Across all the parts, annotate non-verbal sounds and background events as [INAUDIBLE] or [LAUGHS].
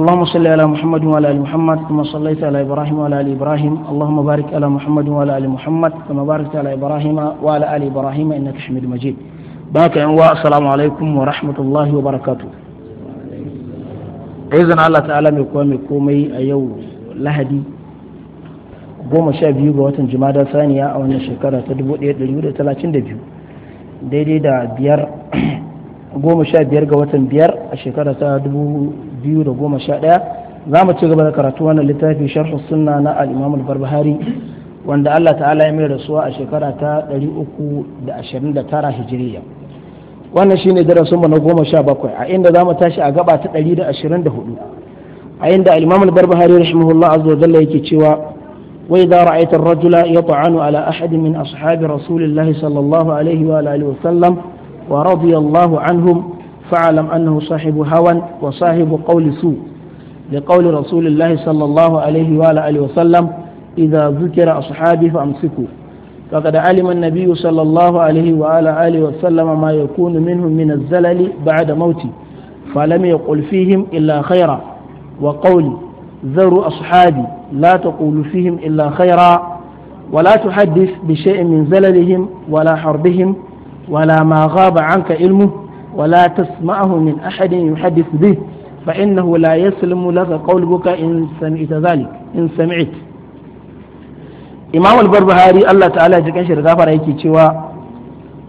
اللهم صل على محمد وعلى ال محمد كما صليت على ابراهيم وعلى ال ابراهيم اللهم بارك على محمد وعلى ال محمد كما باركت على ابراهيم وعلى ال ابراهيم انك حميد مجيد بارك السلام عليكم ورحمه الله وبركاته izin Allah ta'ala mai kuma mai komai a yau lahadi goma sha biyu ga watan jimada saniya a wannan shekara ta 1932 daidai da biyar goma sha biyar ga watan biyar a shekara ta 2000 biyu da goma sha ɗaya za mu ci gaba da karatu wannan littafi sharh sunna na al-imam al-barbahari wanda Allah ta'ala ya mai rasuwa a shekara ta 329 hijiriya wannan shine mu na goma sha bakwai a inda za mu tashi a gaba ta 124 a inda al-imam al-barbahari rahimahullah azza wa jalla yake cewa وإذا rajula الرجل يطعن على أحد من أصحاب رسول الله صلى الله عليه wa وسلم ورضي الله عنهم فاعلم أنه صاحب هوى وصاحب قول سوء لقول رسول الله صلى الله عليه وآله وسلم إذا ذكر أصحابي فأمسكوا فقد علم النبي صلى الله عليه وآله آله وسلم ما يكون منهم من الزلل بعد موتي فلم يقل فيهم إلا خيرا وقولي ذروا أصحابي لا تقول فيهم إلا خيرا ولا تحدث بشيء من زللهم ولا حربهم ولا ما غاب عنك علمه ولا تسمعه من أحد يحدث به فإنه لا يسلم لك قولك إن سمعت ذلك إن سمعت إمام البربهاري الله تعالى يجيكن شرقا فرأيكي تشوى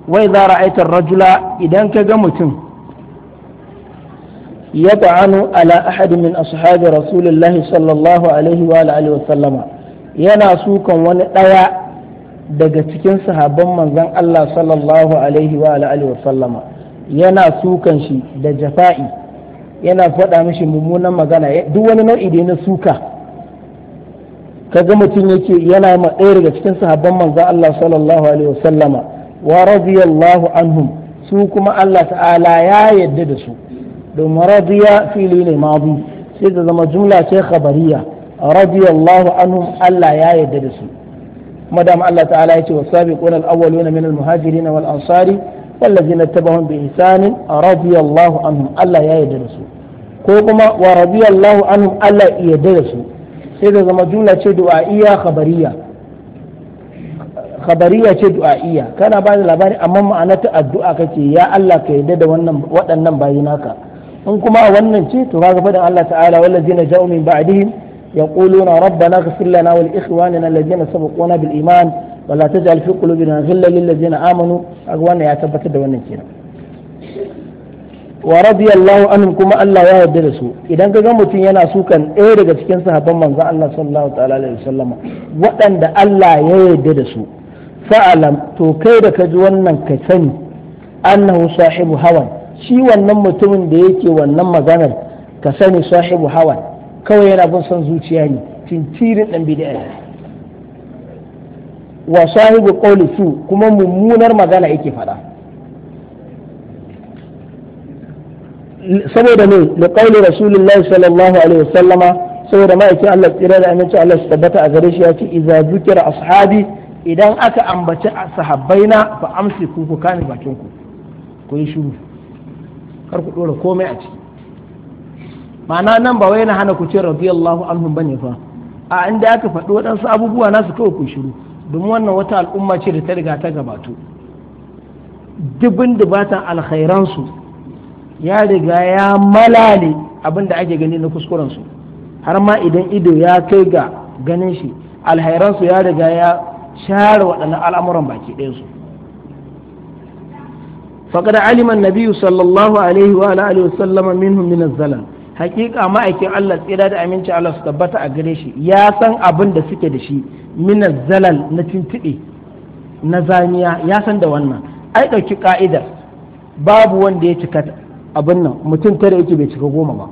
وإذا رأيت الرجل إذا كجمت يطعن على أحد من أصحاب رسول الله صلى الله عليه وآله وسلم yana sukan wani ɗaya daga cikin sahabban manzon Allah sallallahu alaihi wa alihi wa sallama yana sukan shi da jafa'i yana faɗa mishi mummunan magana duk wani nau'i da na suka kaga mutum yake yana ma ɗaya daga cikin sahabban manzo Allah sallallahu alaihi wasallama wa radiyallahu anhum su kuma Allah ta'ala ya yadda da su domin radiya fili ne madi sai da zama jumla ce khabariya radiyallahu anhum Allah ya yadda da su madam Allah ta'ala ya ce wasabiquna al-awwaluna min al-muhajirin wal ansari والذين اتبعهم بإحسان رضي الله عنهم ألا يدرسوا كوكما ورضي الله عنهم ألا يدرسوا سيدة زما جملة دعائية خبرية خبرية دعائية كان بعد الأباري أمام أنا الدعاء كتي يا الله كيدد وأنم بايناك إن كما وأنم شيء تغاغفة الله تعالى والذين جاءوا من بعدهم يقولون ربنا اغفر لنا ولإخواننا الذين سبقونا بالإيمان wala taj'al kulubi na ghillan lil ladzina amanu kaga wannan ya tabbatar da wannan kenan wa radiyallahu anhum kuma Allah ya yarda da su idan ka ga mutum yana sukan ɗaya daga cikin sahabban manza Allah sallallahu ta'ala alaihi wasallama waɗanda Allah ya yarda da su fa'alam to kai da ka ji wannan ka sani annahu sahibu hawan shi wannan mutumin da yake wannan maganar ka sani sahibu hawan kawai yana bin son zuciya ne tintirin dan bid'a wa shahibu qawli su kuma mummunar magana yake faɗa saboda ne da qawli rasulullahi sallallahu alaihi wasallama saboda ma'aikin Allah tsira da aminci Allah su tabbata a gare shi ya ce idza zikira ashabi idan aka ambaci sahabbaina fa amsiku ku kani bakin ku ku yi shiru kar ku dora komai a ciki ma'ana nan ba wai na hana ku ce radiyallahu anhum bane fa a inda aka faɗi waɗansu abubuwa nasu kawai ku shiru domin wannan wata al'umma ce da ta riga ta gabatu dubin dubatan alkhairansu ya riga ya malale abin da ake gani na kuskurensu har ma idan ido ya kai ga ganin shi alkhairansu ya riga ya share waɗannan al'amuran baki ɗayansu faƙar aliman nabiyu sallallahu alaihi wa alaihi wasallama minhum min zalal hakika ma'aikin Allah tsira da aminci Allah su tabbata a gare shi ya san abin da suke da shi min zalal na tintibe na zamiya ya san da wannan ai dauki ka'idar babu wanda ya cika abin nan mutum tare yake bai cika goma ba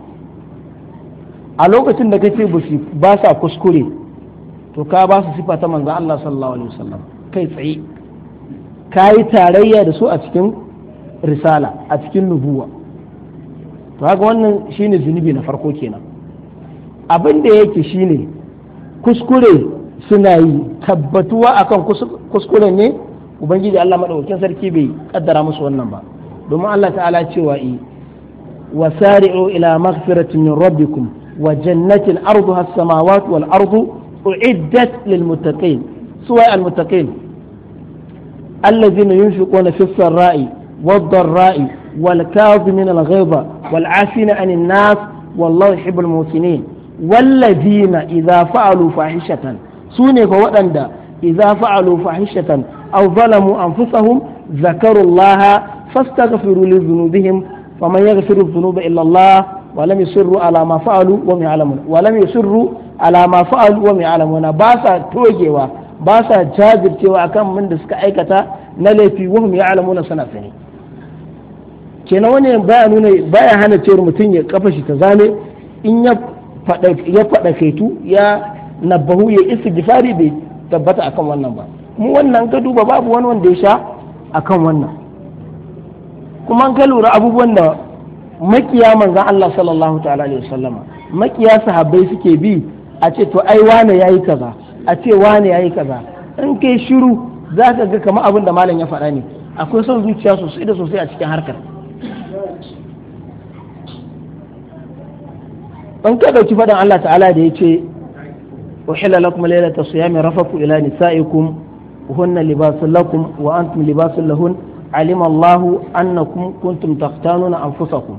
a lokacin da kace ba ba sa kuskure to ka ba su sifa ta manzo Allah sallallahu alaihi wasallam kai tsaye ka tarayya da su a cikin risala a cikin nubuwa to haka wannan shine zunubi na farko kenan abin da yake shine kuskure suna yi tabbatuwa akan kuskure ne ubangiji Allah madaukakin sarki bai ƙaddara musu wannan ba domin Allah ta'ala cewa i wasari'u ila maghfiratin min rabbikum wa jannatin arduha as-samawati wal ardu u'iddat lil muttaqin suwa al muttaqin الذين ينفقون ra'i السراء ra'i. والكاظمين الغيظ والعافين عن الناس والله يحب المحسنين والذين إذا فعلوا فاحشة سوني فوأندا إذا فعلوا فاحشة أو ظلموا أنفسهم ذكروا الله فاستغفروا لذنوبهم ومن يغفر الذنوب إلا الله ولم يصروا على ما فعلوا وهم يعلمون ولم يصروا على ما فعلوا وهم يعلمون باسا توجيوا باسا جابر تيوا أكم من دسك أيكتا نلفي وهم يعلمون سنة سنين kenan wani baya nuna baya hana cewar mutum ya kafa shi ta zame in ya faɗa kaitu ya nabahu ya isa gifari bai tabbata akan wannan ba mu wannan ka duba babu wani wanda ya sha akan wannan kuma an ka lura abubuwan da makiya manzan Allah sallallahu ta'ala alaihi wasallama makiya sahabbai suke bi a ce to ai wane yayi kaza a ce wane yayi kaza in kai shiru za ka ga kamar abin da malam ya faɗa ne akwai son zuciya sosai da sosai a cikin harkar an ka dauki fadan Allah ta'ala da yace uhilla lakum laylata siyami rafafu ila nisaikum hunna libasul lakum wa antum libasul lahun alima Allah annakum kuntum taftanuna anfusakum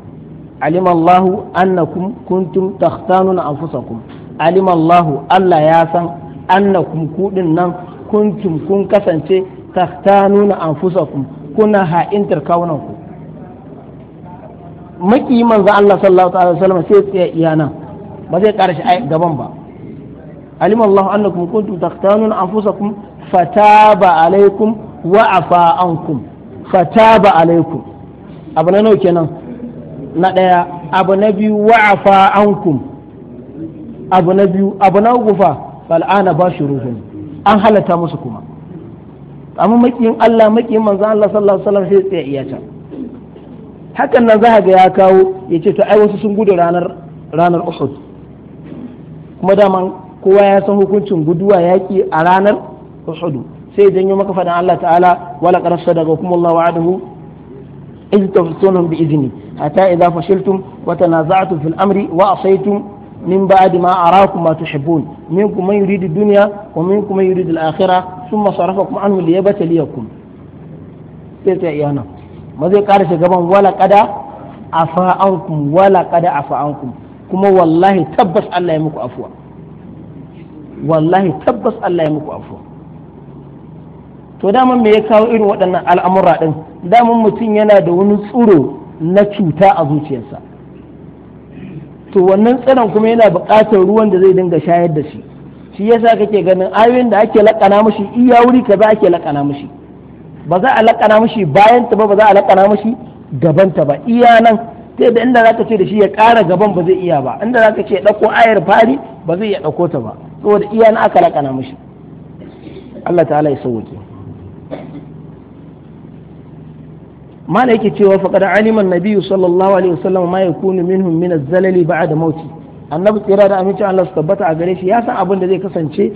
alima Allah annakum kuntum takhtanuna anfusakum alima Allah Allah ya san annakum kudin nan kuntum kun kasance takhtanuna anfusakum kuna ha'intar kawunanku maki manzo Allah sallallahu alaihi wasallam sai tsaya iya nan ba zai ƙara shi gaban ba alim Allah annakum kuntum taqtanun anfusakum fataba alaikum wa afa ankum fataba alaikum abu na nauke nan na ɗaya abu na biyu wa afa ankum abu na biyu abu na gufa fal'ana ba shi ruhun an halatta musu kuma amma makiyin Allah makiyin manzo Allah sallallahu alaihi wasallam sai tsaya iya ta. hakan nan za ga ya kawo ya ce ta ai sun gudu ranar ranar Uhud kuma daman kowa ya san hukuncin guduwa yaki a ranar Uhud sai janyo maka faɗin Allah ta'ala wala qarasa daga kuma Allah wa'adahu in tafsunum bi izni hatta idza fashiltum wa tanaza'tum fil amri wa asaytum min ba'd ma arakum ma tuhibbun minkum man yuridu dunya wa minkum man yuridu al-akhirah thumma sarafakum anhu liyabtaliyakum sai ta iyana ma zai ƙara gaban wala kada afa ankum wala kada afa ankum kuma wallahi tabbas Allah ya muku afuwa wallahi tabbas Allah ya muku afuwa to dama me ya kawo irin waɗannan al'amura ɗin daman mutum yana da wani tsoro na cuta a zuciyarsa to wannan tsiron kuma yana buƙatar ruwan da zai dinga shayar da shi shi yasa kake ganin ayoyin da ake laƙana mashi iya wuri kaza ake laƙana mashi ba za a lakana mishi bayan ta ba ba za a lakana mishi gaban ta ba iya nan ta yadda inda ka ce da shi ya ƙara gaban ba zai iya ba inda ka ce ɗauko ayar fari ba zai iya ɗauko ta ba saboda iya nan aka lakana mishi Allah ta'ala ya sauke mana yake cewa faqad alima an-nabiy sallallahu alaihi wasallam ma yakunu minhum min az-zalali ba'da mauti annabi tsira da aminci Allah su tabbata a gare shi ya san abin da zai kasance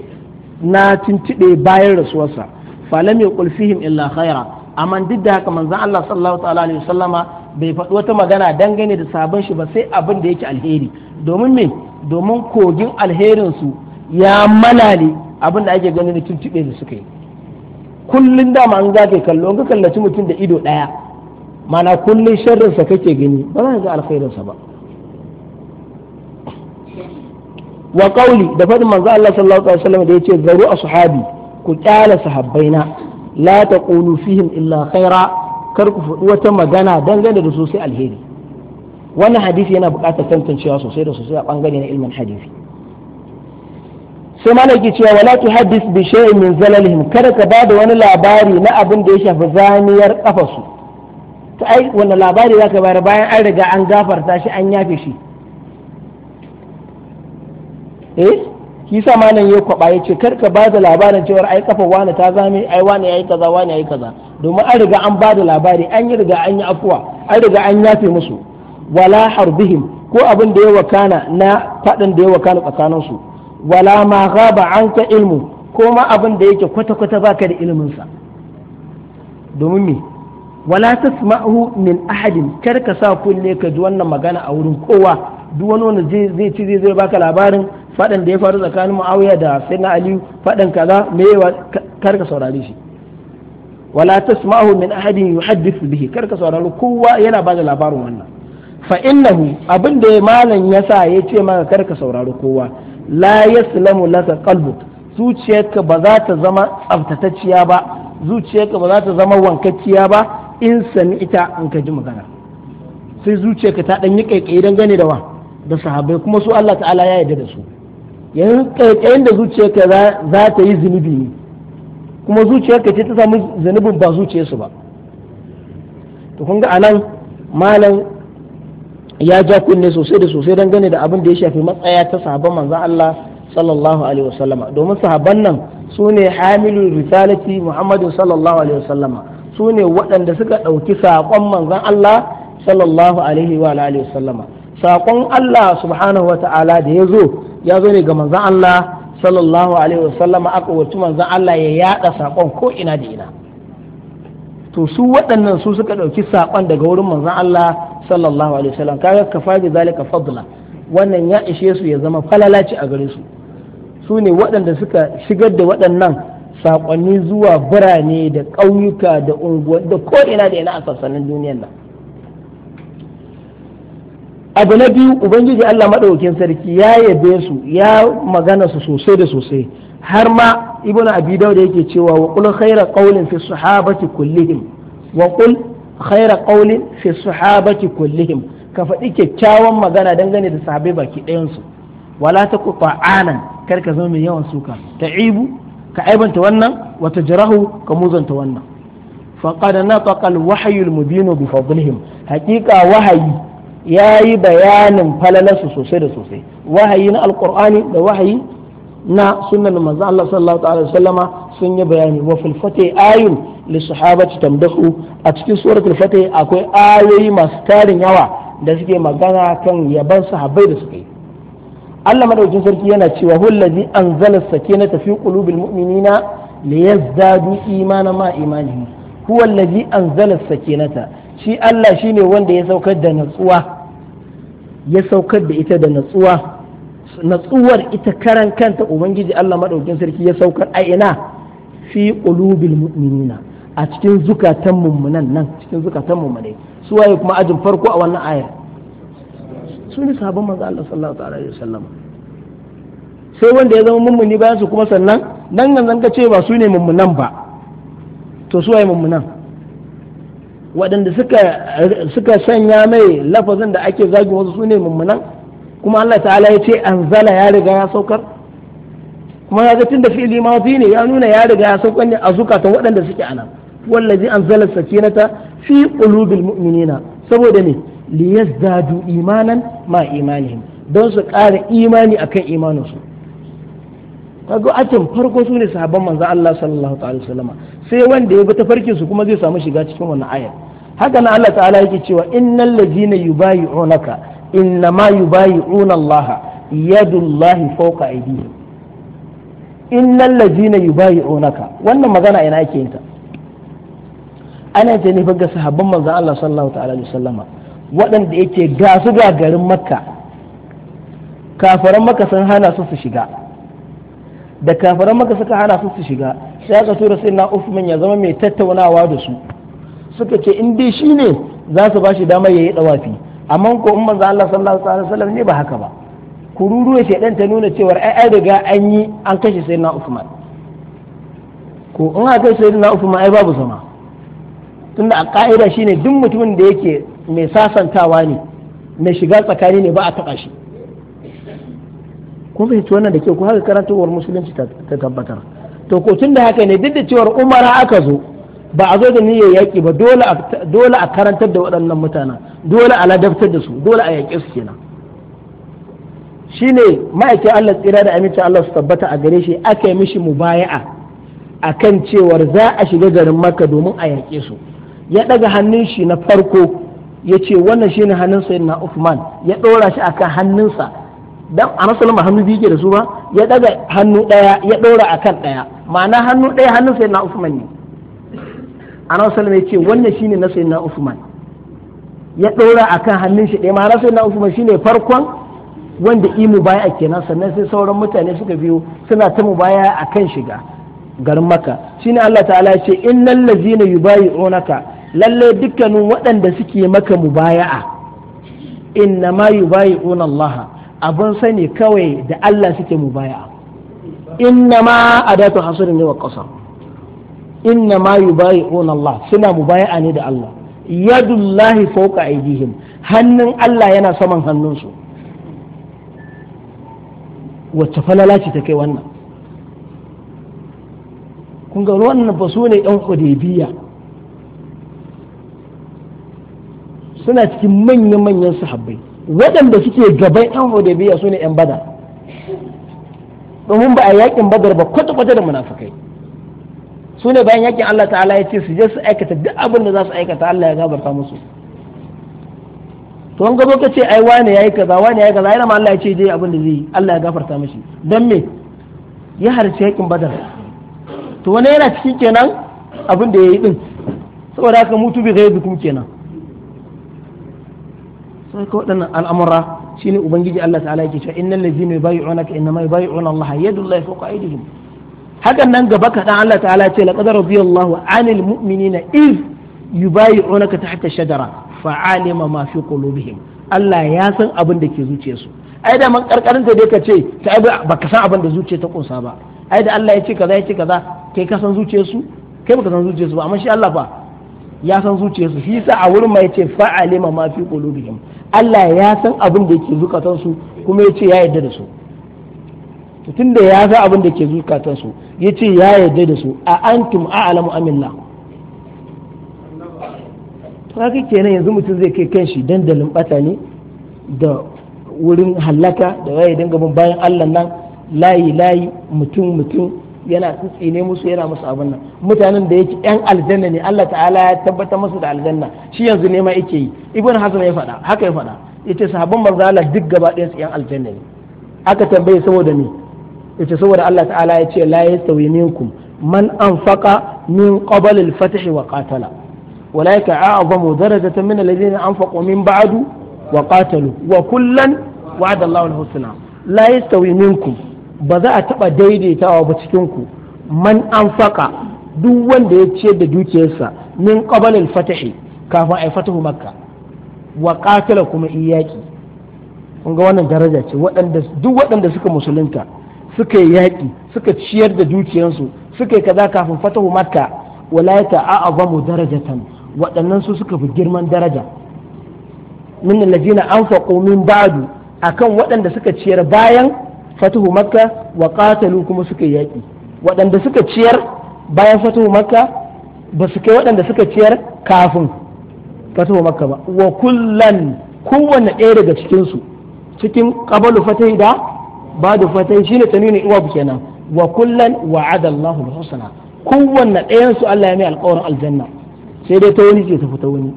na tuntube bayan rasuwarsa falam yaqul fihim illa khaira amma didda haka manzon Allah sallallahu ta'ala alaihi wasallama bai faɗi wata magana dangane da sabon shi ba sai abin da yake alheri domin me domin kogin alherin su ya malale abin da ake ganin tuntube da suka yi kullun ma an zake kallo ga ka kallaci mutum da ido daya mana kullun sharrinsa kake gani ba za ka ga sa ba wa qauli da faɗin manzo Allah sallallahu alaihi wasallam da yace zaru ashabi ku kyala sahabbaina la taqulu fihim illa khaira kar ku faɗi wata magana dangane da su sai alheri wannan hadisi yana buƙatar tantancewa sosai da sosai a bangare na ilmin hadisi sai mana cewa wala tu hadis bi shay'in min zalalihim kada ka ba da wani labari na abin da ya shafi zaniyar kafasu to ai wannan labari zaka bayar bayan an riga an gafarta shi an yafe shi eh ma malam ya kwaba ya ce karka ba da labarin cewar ai kafa wani ta zame ai wani yi kaza wani yi kaza domin an riga an ba da labari an yi riga an yi afuwa an riga an yafe musu wala harbihim ko abin da ya wakana na fadin da ya wakana tsakanin su wala ma ghaba anka ilmu ko ma abin da yake kwata kwata baka da ilimin sa domin me wala tasma'u min ahadin karka sa kulle ka ji wannan magana a wurin kowa duk wani wanda zai ci zai baka labarin faɗan da ya faru tsakanin muawiya da na aliyu faɗan kaza me yawa kar ka shi wala tasma'u min ahadin yuhaddithu bihi kar ka kowa yana ba da labarin wannan fa innahu abin da malam ya sa ya ce maka kar saurari kowa la yaslamu laka zuciyarka ba za ta zama tsaftatacciya ba zuciyarka ba za ta zama wankacciya ba in sami ita in ka ji magana sai zuciyarka ta ɗan yi ƙaiƙayi don gane da wa da sahabbai kuma su Allah ta'ala ya yarda da su yanzu kaikayin da zuciyarka za ta yi zunubi ne kuma zuciyarka ce ta samu zunubin ba su ba to kun ga anan malam ya ja kunne sosai da sosai gane da abin da ya shafi matsaya ta sahabban manzo Allah sallallahu alaihi wasallama domin sahabban nan su ne hamilu risalati muhammadin sallallahu alaihi wasallama su ne waɗanda suka ɗauki saƙon manzon Allah sallallahu alaihi wa alihi wasallama saƙon Allah subhanahu wa ta'ala da ya zo ya zo ne ga manzan Allah sallallahu alaihi wasallama a kowace manzan Allah ya yada sakon ko ina da ina to su waɗannan su suka ɗauki sakon daga wurin manzan Allah sallallahu alaihi wasallam kaga kafa bi zalika fadla wannan ya ishe su ya zama falalaci a gare su su ne waɗanda suka shigar da waɗannan saƙonni zuwa birane da ƙauyuka da unguwa da ko ina da ina a sassanin duniyar nan abu na biyu ubangiji Allah maɗaukin sarki ya yabe su ya magana su sosai da sosai har ma ibn abi dawud yake cewa wa qul khayra qawlin fi sahabati kullihim wa qul khayra qawlin fi sahabati kullihim ka faɗi kyakkyawan magana dangane da sahabbai baki ɗayan su wala taku ta'anan kar ka zama mai yawan suka ta'ibu ka aibanta wannan wata tajrahu ka muzanta wannan faqad nataqa al-wahyu al-mubin bi fadlihim haqiqa wahayi ya yi bayanin falalarsu sosai da sosai wahayi na alkur'ani da wahayi na sunan manzo Allah sallallahu alaihi sun yi bayani wa fil fati ayun li sahabati tamdahu a cikin suratul fati akwai ayoyi masu tarin yawa da suke magana kan yaban sahabbai da suke Allah madaukakin sarki yana cewa hul ladzi anzala sakinata fi qulubil mu'minina liyazdadu imanan ma imanihi huwa ladzi anzala sakinata shi Allah shi ne wanda ya saukar da natsuwa ya saukar da ita da natsuwa natsuwar ita karan kanta ubangiji Allah madaukin sarki ya saukar a ina fi qulubil mu'minina a cikin zukatan mummunan nan cikin zukatan mummunai su waye kuma ajin farko a wannan ayar su ne sahabban manzo Allah sallallahu alaihi wasallam sai wanda ya zama mummuni bayan su kuma sannan nan nan ka ce ba su ne mummunan ba to su waye mummunan waɗanda suka sanya mai lafazin da ake zagi wasu sune mummunan kuma Allah ta'ala ya ce anzala ya riga ya saukar kuma ya ga tunda fi'ili mafi ne ya nuna ya riga ya saukar ne a zukatan waɗanda suke anan wallazi anzala sakinata fi qulubil mu'minina saboda ne liyazdadu imanan ma imanihim don su ƙara imani akan imaninsu kaga atin farko su ne sahabban manzon Allah sallallahu wa wasallam sai wanda ya bi ta farkin su kuma zai samu shiga cikin wannan aya haka na Allah ta'ala yake cewa innal ladina inna ma yubayyi'una Allah yadullahi fawqa aydihim innal ladina yubayyi'unaka wannan magana ina ake yin ta ana ta ne ga sahabban manzan Allah sallallahu wa wasallam waɗanda yake ga su ga garin Makka kafaran Makka sun hana su su shiga da kafaran maka suka hana su su shiga sai aka tura sai na Uthman ya zama mai tattaunawa da su suka ce in dai shi ne za su bashi dama ya yi dawafi amma ko in manzo Allah sallallahu alaihi wasallam ne ba haka ba kururu ya shedan ta nuna cewa ai ai riga an yi an kashe sai na Uthman ko in aka sai na Uthman ai babu sama tunda a ka'ida shine duk mutumin da yake mai sasantawa ne mai shiga tsakani ne ba a taɓa shi kun fahimci wannan da ke ku haka karantowar musulunci ta tabbatar to ko tun da haka ne duk da cewar umara aka zo ba a zo da niyyar yaƙi ba dole a karantar da waɗannan mutanen dole a ladabtar da su dole a yaƙe su kenan ne ma'aikin Allah tsira da aminci Allah su tabbata a gare shi aka yi mishi mu mubaya'a kan cewar za a shiga garin maka domin a yaƙe su ya ɗaga hannun shi na farko ya ce wannan shi ne hannun sayyidina Uthman ya ɗora shi a akan hannunsa dan a rasulun ba hannu biyu ke da su ba ya daga hannu daya ya dora kan daya ma'ana hannu daya hannun sai na usman ne a rasulun ya ce wannan shine na sai na usman ya dora kan hannun shi ɗaya ma'ana sai na usman shine farkon wanda imu baya kenan sannan sai sauran mutane suka biyo suna ta mu baya akan shiga garin maka shine Allah ta'ala ya ce yi ladzina yubayi'unaka lalle dukkanin waɗanda suke maka mubaya'a na ma yubayi'una laha. abin sani kawai da Allah suke mu baya inna ma adatu hasrin ne wa qasam inna ma yubayi'un Allah suna mu baya ne da Allah yadullahi fawqa aydihim hannun Allah yana saman hannunsu wacce falala ce ta kai wannan kun ga wannan ba su ne yan suna cikin manya-manyan sahabbai waɗanda suke gaban yan hudaybiya su ne yan badar domin ba a yakin badar ba kwata-kwata da munafukai su ne bayan yakin Allah ta'ala ya ce su je su aikata duk abin da za su aikata Allah ya gabarta musu to an gaba ka ce ai wane yayi kaza wane yayi kaza yana ma Allah ya ce je abin da zai yi Allah ya gafarta mishi dan me ya harce yakin badar to wani yana cikin kenan abin da yayi din saboda haka mutu bi ghaibikum kenan sai ka waɗannan al'amura shine ubangiji Allah ta'ala yake cewa innal ladzina yubayyi'unaka innama yubayyi'una Allah yadullahi fawqa aydihim hakan nan gaba kaɗan Allah ta'ala ce laqad radiyallahu 'anil mu'minina iz yubayyi'unaka tahta shajara fa'alima ma fi qulubihim Allah ya san abin da ke zuciyarsu ai da man karkarin ta dai ka ce ta baka san abin da zuciya ta kunsa ba ai da Allah ya ce kaza ya ce kaza kai ka san zuciyarsu kai baka san zuciyarsu ba amma shi Allah fa ya san zuciyarsu shi yasa a wurin ma yace fa'alima ma fi qulubihim Allah ya san abin da yake zukatansu kuma ya ce ya yarda da su tun da ya san abin da ke zukatansu ya ce ya yarda da su a antum a'lamu amillah haka kenan yanzu mutum zai kai kanshi dandalin bata ne da wurin hallaka da waye dinga gaban bayan Allah nan layi layi mutum mutum yana tsine musu yana musu abin nan mutanen da yake yan aljanna ne Allah ta'ala ya tabbata musu da aljanna shi yanzu ne ma yake yi ibn hazm ya faɗa haka ya faɗa yace sahabban manzo Allah duk gaba ɗayan su yan aljanna ne aka tambaye saboda me yace saboda Allah ta'ala ya ce la yastawi minkum man anfaqa min qabl al-fath wa qatala walaika a'zamu darajatan min alladhina anfaqu min ba'du wa qatalu wa kullan wa'ada Allahu al-husna la yastawi minkum ba za a taɓa daidaitawa ba cikinku man an faka duk wanda ya ciyar da dukiyarsa min ƙabalin fatahi kafin a fatahu makka wa ƙatila kuma iyaki kun ga wannan daraja ce duk waɗanda suka musulunta suka yi yaƙi suka ciyar da dukiyarsu suka yi kaza kafin fatahu makka walayata a'azamu darajatan waɗannan su suka fi girman daraja min an faƙo min ba'adu akan waɗanda suka ciyar bayan fatuhu makka wa qatalu kuma suka yaki waɗanda suka ciyar bayan fatuhu makka ba su kai waɗanda suka ciyar kafin fatuhu makka ba wa kullan kowanne ɗaya daga cikin su cikin qabalu fatai da ba da fatai shine nuna iwab kenan wa kullan wa adallahu husna kowanne ɗayan su Allah ya mai alƙawarin aljanna sai dai ta wani ce ta fita wani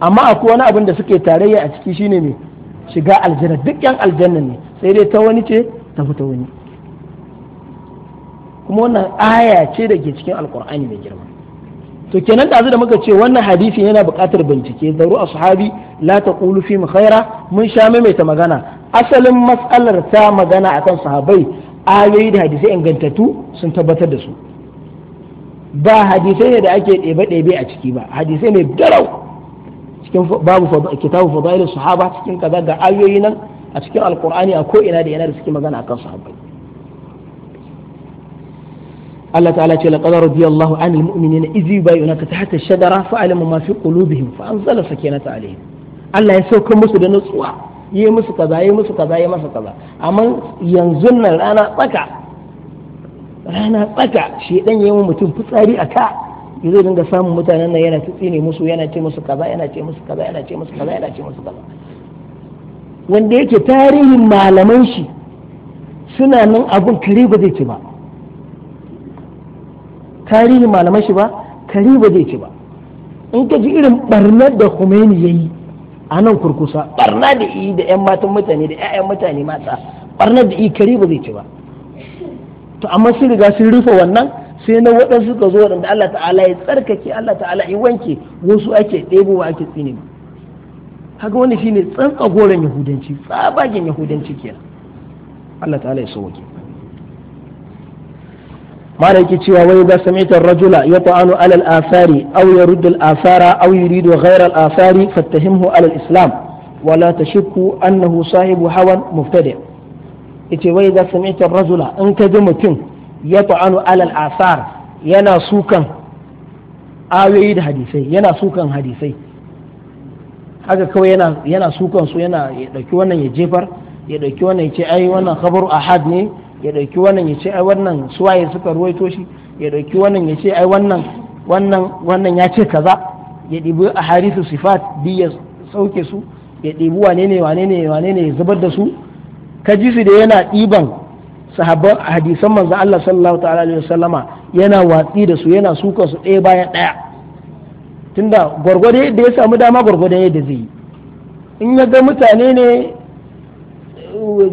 amma akwai wani abin da suke tarayya a ciki shine me shiga aljanna duk yan aljanna ne sai dai ta wani ce ta fito wani kuma wannan aya ce da ke cikin alkur'ani mai girma to kenan da da muka ce wannan hadisi yana buƙatar bincike a sahabi la ƙulu fi khaira mun sha maimaita magana asalin matsalar ta magana akan sahabai ayoyi da hadisai ingantattu sun tabbatar da su ba hadisai ne da ake ɗebe-ɗebe a ciki ba hadisai ne darau cikin babu kitabu da sahaba cikin kaza ga ayoyi nan a cikin alkur'ani a ko'ina da yana da suke magana a akan sahabbai Allah ta'ala ce laqad radiyallahu 'anil mu'minina idh yubayyinuka tahta ash-shajara fa'alima ma fi qulubihim fa anzala sakinata 'alayhim Allah ya sauka musu da nutsuwa yi musu kaza yi musu kaza yi masa kaza amma yanzu nan rana tsaka rana tsaka shi dan yayin mutum fitsari a ka yanzu dinga samun mutanen nan yana tutsi ne musu yana ce musu kaza yana ce musu kaza yana ce musu kaza yana ce musu kaza wanda yake tarihin malaman shi suna nan abin kare ba zai ci ba tarihin malaman shi ba kare ba zai ci ba in ka ji irin barnar da Khomeini ya yi a nan kurkusa barna da yi da 'yan matan mutane da 'ya'yan mutane mata barnar da yi kare ba zai ci ba to amma sun riga sun rufe wannan sai na waɗansu ka zo waɗanda Allah ta'ala ya tsarkake Allah ta'ala ya wanke wasu ake ɗebowa ake tsini haka shi shine tsantsa goren yahudanci tsabagen yahudanci kenan Allah ta'ala ya sauke malam yake cewa wai za samitar ar-rajula yata'anu 'ala al-athari aw yaruddu al-athara aw yuridu ghayra al asari, fattahimhu alal islam wala la annahu sahibu hawan mubtadi' yace wai za sami'ta rajula in ka ji mutum ya 'ala alal athar yana sukan ayoyi da hadisai yana sukan hadisai haka kawai yana sukan su yana ya dauki wannan ya jefar ya dauki wannan ya ce ai wannan khabar ahad ne ya dauki wannan ya ce ai wannan suwaye suka ruwaito shi ya dauki wannan ya ce ai wannan wannan wannan ya ce kaza ya dibi ahadithu sifat bi ya sauke su ya dibi wane ne wane ne wane ne ya zubar da su ka ji su da yana diban sahabban hadisan manzo Allah sallallahu ta'ala alaihi wasallama yana watsi da su yana sukan su ɗaya bayan ɗaya tunda gwargwado yadda ya samu dama gwargwado yadda zai yi in ya ga mutane ne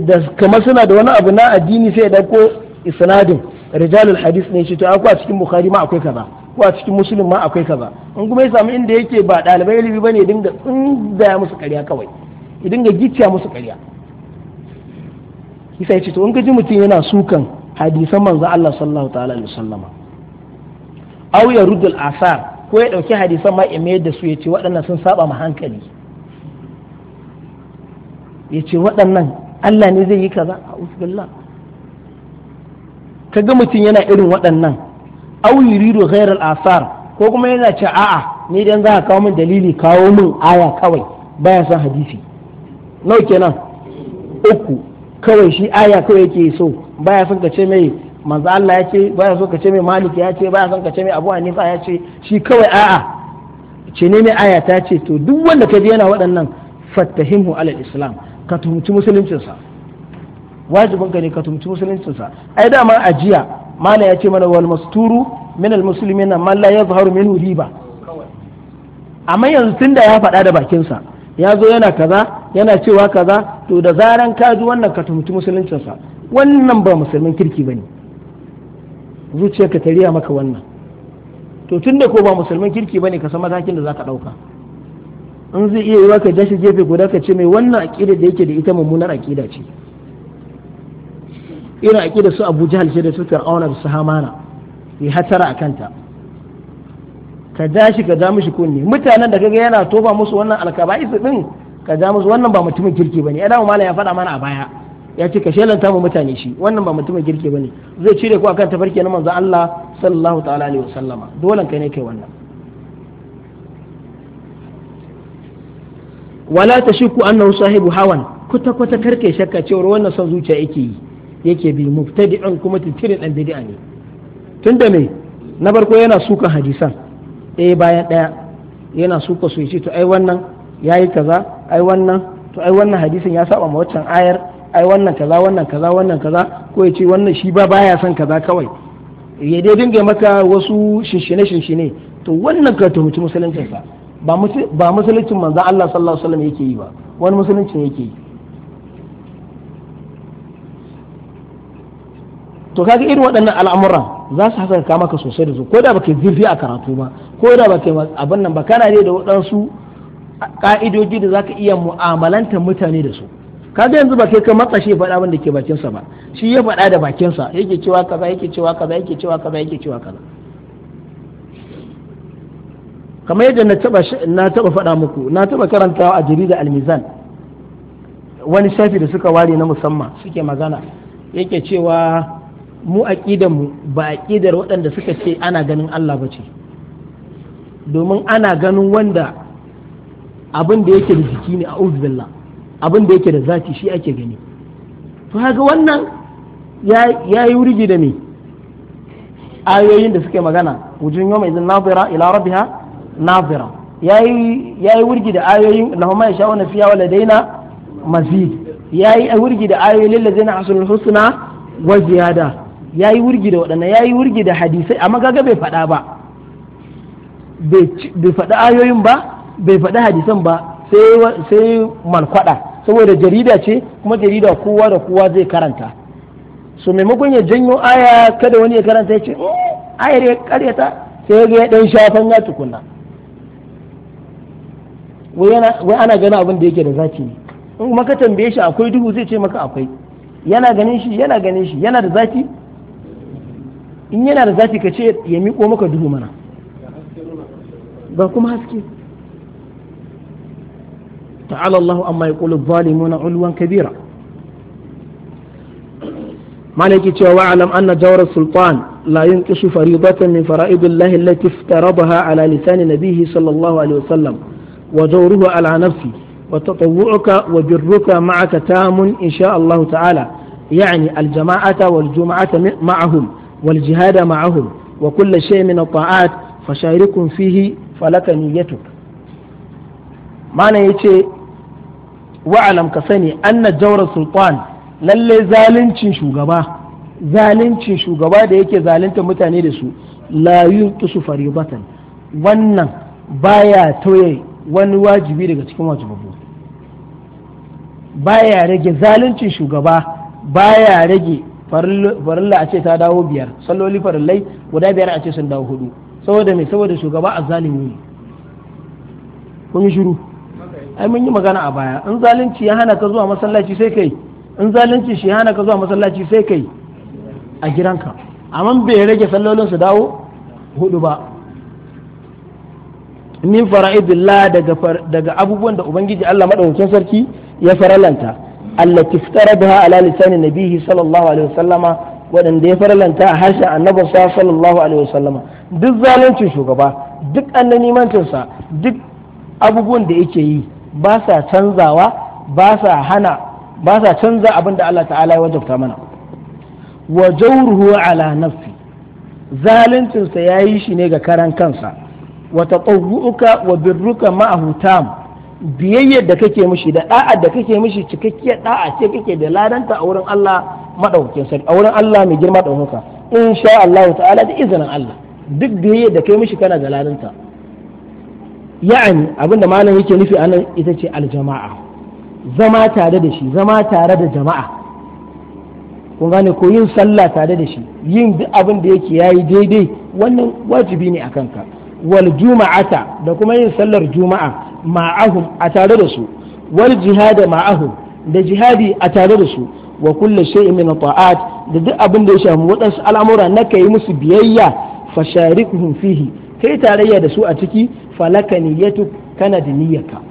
da kamar suna da wani abu na addini sai ya dauko isnadin rijalul hadis ne shi to akwai a cikin bukhari ma akwai kaza ko a cikin muslim ma akwai kaza in kuma ya samu inda yake ba dalibai ilimi bane dinga ya musu ƙarya kawai ya dinga gicciya musu ƙarya Isa yace to in ka ji mutum yana sukan hadisan manzo Allah sallallahu ta'ala alaihi wasallama aw yarudul asar ko ya ɗauki hadisan ma ya mayar da su ya ce waɗannan sun saba ma hankali ya ce waɗannan Allah ne zai yi kaza a usbillah ka ga mutum yana irin waɗannan au yuridu ghairal asar ko kuma yana ce a'a ni dan za ka kawo min dalili kawo min aya kawai baya son hadisi nawa kenan uku kawai shi aya kawai yake so baya son ka ce mai manzo Allah ya ce baya so ka ce mai maliki ya ce baya son ka ce mai Abu Hanifa ya ce shi kawai a'a ce ne mai aya ta ce to duk wanda ka ji yana waɗannan fattahimu alal islam ka tuhumci musuluncinsa wajibin ka ne ka tuhumci musuluncinsa ai dama a jiya mana ya ce mana wal masturu min al muslimin man la yazharu min riba amma yanzu tunda ya faɗa da bakinsa ya zo yana kaza yana cewa kaza to da zaran ka ji wannan ka tuhumci musuluncinsa wannan ba musulmin kirki bane zuciyarka ta riya maka wannan to tun da ko ba musulman kirki bane ka san matakin da zaka dauka in zai iya yiwa ka jashi gefe guda ka ce mai wannan aqida da yake da ita mummunar aqida ce irin aqida su Abu Jahl ce da su Fir'auna da su Hamana yi hatara akanta ka dashi ka ja mishi kunni mutanen da kaga yana toba musu wannan alkaba'is din ka ja musu wannan ba mutumin kirki bane ya dawo malam ya faɗa mana a baya ya ce ka shelanta mu mutane shi wannan ba mutumin girki ne zai cire ku akan tafarki na manzo Allah sallallahu ta'ala alaihi wasallama dole kai ne kai wannan wala tashku annahu sahibu hawan kuta kuta karke shakka cewa wannan son zuciya yake yi yake bi mubtadi'un kuma tirin dan bid'a ne tunda me na farko yana sukan hadisan ɗaya bayan ɗaya yana suka su to ai wannan yayi kaza ai wannan to ai wannan hadisin ya saba ma waccan ayar ai wannan kaza wannan kaza wannan kaza ko ya ce wannan shi ba baya son kaza kawai ya dai dinga maka wasu shinshine shinshine to wannan ka mutum musuluncin sa ba musuluncin manzo Allah sallallahu alaihi wasallam yake yi ba wani musuluncin yake yi to kaga irin waɗannan al'amuran za su kama maka sosai da su ko da baka zurfi a karatu ba ko da baka abin nan ba kana ne da waɗansu ka'idoji da za ka iya mu'amalanta mutane da su kaga yanzu ba kai ka matsa shi faɗa wanda ke bakinsa ba shi ya faɗa da bakinsa yake cewa kaza yake cewa kaza yake cewa kaza yake cewa kaza kamar yadda na taba na taba faɗa muku na taba karantawa a jarida almizan wani shafi da suka ware na musamman suke magana yake cewa mu aqidar mu ba aqidar waɗanda suka ce ana ganin Allah ba ce domin ana ganin wanda abin da yake da jiki ne a billah abin da yake da zati shi ake gani to haka wannan ya yi wurgi da me ayoyin da suke magana wujin yau mai zin nazira ila rabbiha nazira ya yi wurgi da ayoyin lahumma ya sha wani fiya wa ladaina mazid ya yi wurgi da ayoyin na hasulul husna wa ziyada ya yi wurgi da waɗannan ya yi wurgi da hadisai amma gaga bai faɗa ba bai fada ayoyin ba bai fada hadisan ba sai man kwada saboda jarida ce kuma jarida kowa da kowa zai karanta so maimakon ya janyo aya kada wani ya karanta ya ce oh, ayar ya karyata sai ga ya dan shafan ya tukuna wai ana gani abin da yake da zaki ne in kuma ka tambaye shi akwai duhu zai ce maka akwai yana ganin shi yana ganin shi yana da zaki in yana da zaki ka ce ya miƙo maka duhu mana ba kuma haske تعالى الله أما يقول الظالمون علوا كبيرا مالك واعلم أن دور السلطان لا ينقص فريضة من فرائض الله التي افترضها على لسان نبيه صلى الله عليه وسلم وجوره على نفسي وتطوعك وبرك معك تام إن شاء الله تعالى يعني الجماعة والجمعة معهم والجهاد معهم وكل شيء من الطاعات فشاركهم فيه فلك نيتك ما يتي wa'alam ka sani anna jawra sultan lalle zaluncin shugaba zaluncin shugaba da yake zalunta mutane da su la yutusu faribatan wannan baya tauye wani wajibi daga cikin wajibabu baya rage zaluncin shugaba baya rage farilla a ce ta dawo biyar salloli farillai guda biyar a ce sun dawo hudu saboda mai saboda shugaba a zalimi ne kun yi shiru ai mun yi magana a baya in zalunci ya hana ka zuwa masallaci sai kai in zalunci shi hana ka zuwa masallaci sai kai a gidanka amma bai rage sallolin su dawo hudu ba Ni fara'idillah daga daga abubuwan da ubangiji Allah madaukakin sarki ya faralanta tiftara biha ala lisani nabihi sallallahu alaihi wasallama wadanda ya faralanta a harshen annabi sallallahu alaihi wasallama duk zaluncin shugaba duk annanimancinsa duk abubuwan da yake yi ba sa canzawa ba sa hana ba sa canza abin da Allah ta'ala ya wajabta mana wa jawruhu ala nafsi zaluncinsa ya yi shi ne ga karan kansa wa taqawwuka wa birruka ma'ahu tam biyayyar da kake mishi da ɗa'a da kake mishi cikakkiyar da'a ce kake da ladanta a wurin Allah madaukakin sarki a wurin Allah mai girma da hukunka insha Allah ta'ala da izinin Allah duk biyayyar da kai mishi kana da ladanta ya'ani abinda malam yake nufi anan ita ce aljama'a zama tare da shi zama tare da jama'a kun gane ko yin sallah tare da shi yin duk abin da yake yayi daidai wannan wajibi ne akan ka wal juma'ata da kuma yin sallar juma'a ma'ahum a tare da su wal jihada ma'ahum da jihadi a tare da su wa kullu shay'in min ta'at da duk abin da ya shafi waɗansu al'amura na kai musu biyayya fasharikuhum fihi kai tarayya da su a ciki falaka niyyatu kana da niyyaka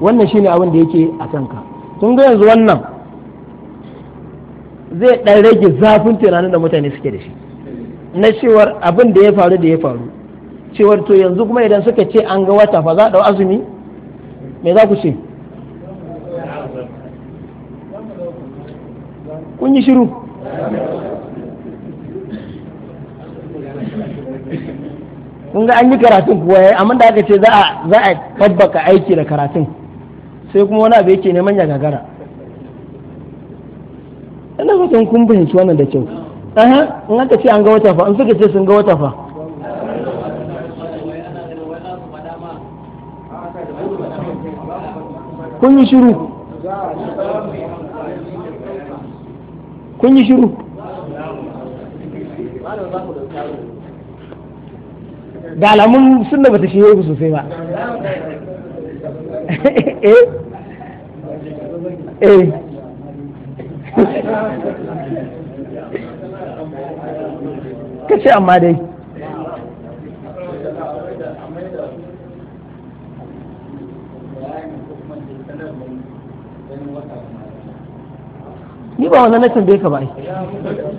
wannan shine abin da yake a kanka kun ga yanzu wannan zai ɗan rage zafin tunanin da mutane suke da shi na cewar abin da ya faru da ya faru cewar to yanzu kuma idan suka ce an ga wata fa za a ɗau azumi me za ku ce kun yi shiru kun ga an yi karatun kuwa yayi eh, amma da aka ce za a za a tabbaka aiki da karatun sai kuma wani abu yake neman ya gagara ina fatan kun fahimci wannan da kyau aha in aka ce an ga wata fa in suka ce sun ga wata fa kun yi shiru kun yi shiru da alamun sunna bata shi yau sosai ba [LAUGHS] eh eh [LAUGHS] kace amma dai ni ba wannan na tambaye ka ba ai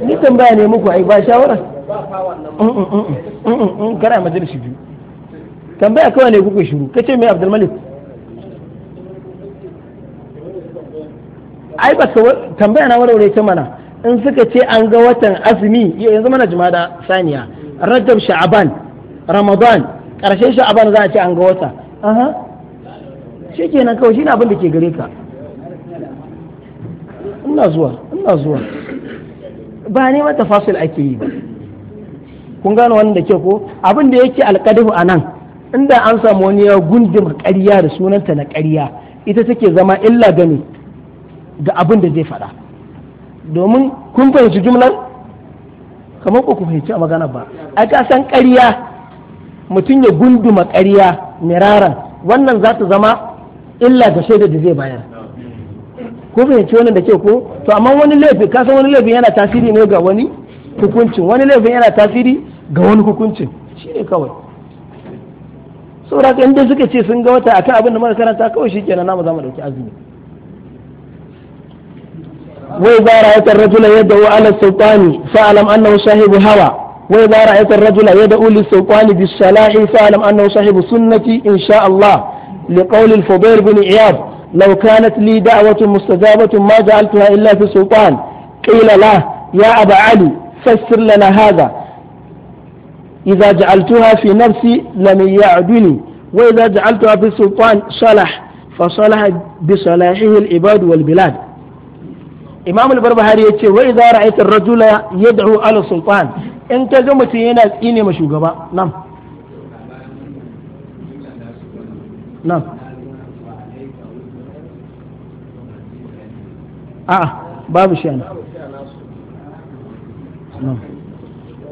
ni tambaya ne muku ai ba shawara mm, mm, mm, kana majalisi biyu tambaya kawai ne kuka shiru kace me Abdul Malik ai ba ka tambaya na warware ta mana in suka ce an ga watan azumi yanzu mana jumada saniya rajab sha'aban ramadan karshen sha'aban za a ce an ga wata aha shikenan kawai shi ne abin da ke gare ka ina zuwa ina zuwa ba neman tafasil ake yi ba kun gano wannan da ke ko abin da yake alƙadifu a nan inda an samu wani ya gunduma ƙarya da sunanta na ƙarya ita take zama illa gani ga abin da zai faɗa domin kun fahimci jumlar kamar ku fahimci a magana ba a san ƙarya mutum ya gunduma ƙarya miraran wannan za ta zama illa ga shaida da zai bayar ko fahimci wannan da ke ko to amma wani laifi ka san wani laifin yana tasiri ne ga wani hukuncin wani laifin yana tasiri ga wani hukuncin shine kawai saboda inda suka ce sun ga wata akan abin da muka karanta kawai shikenan namu zamu dauki azumi wai ba ra'aytar rajula yad'u ala sultani fa'alam annahu sahibu hawa وإذا رأيت الرجل يدعو للسلطان بالصلاح فاعلم أنه na سنة insha allah الله لقول الفضيل bin عياض لو كانت لي دعوة مستجابة ما جعلتها إلا في سلطان قيل له يا أبا علي فسر لنا هذا إذا جعلتها في نفسي لم يعدني وإذا جعلتها في السلطان صلح فصلح بصلاحه العباد والبلاد إمام البربهاري يقول وإذا رأيت الرجل يدعو على السلطان أنت قمت هنا إني مشوقة نعم نعم a'a babu shi ana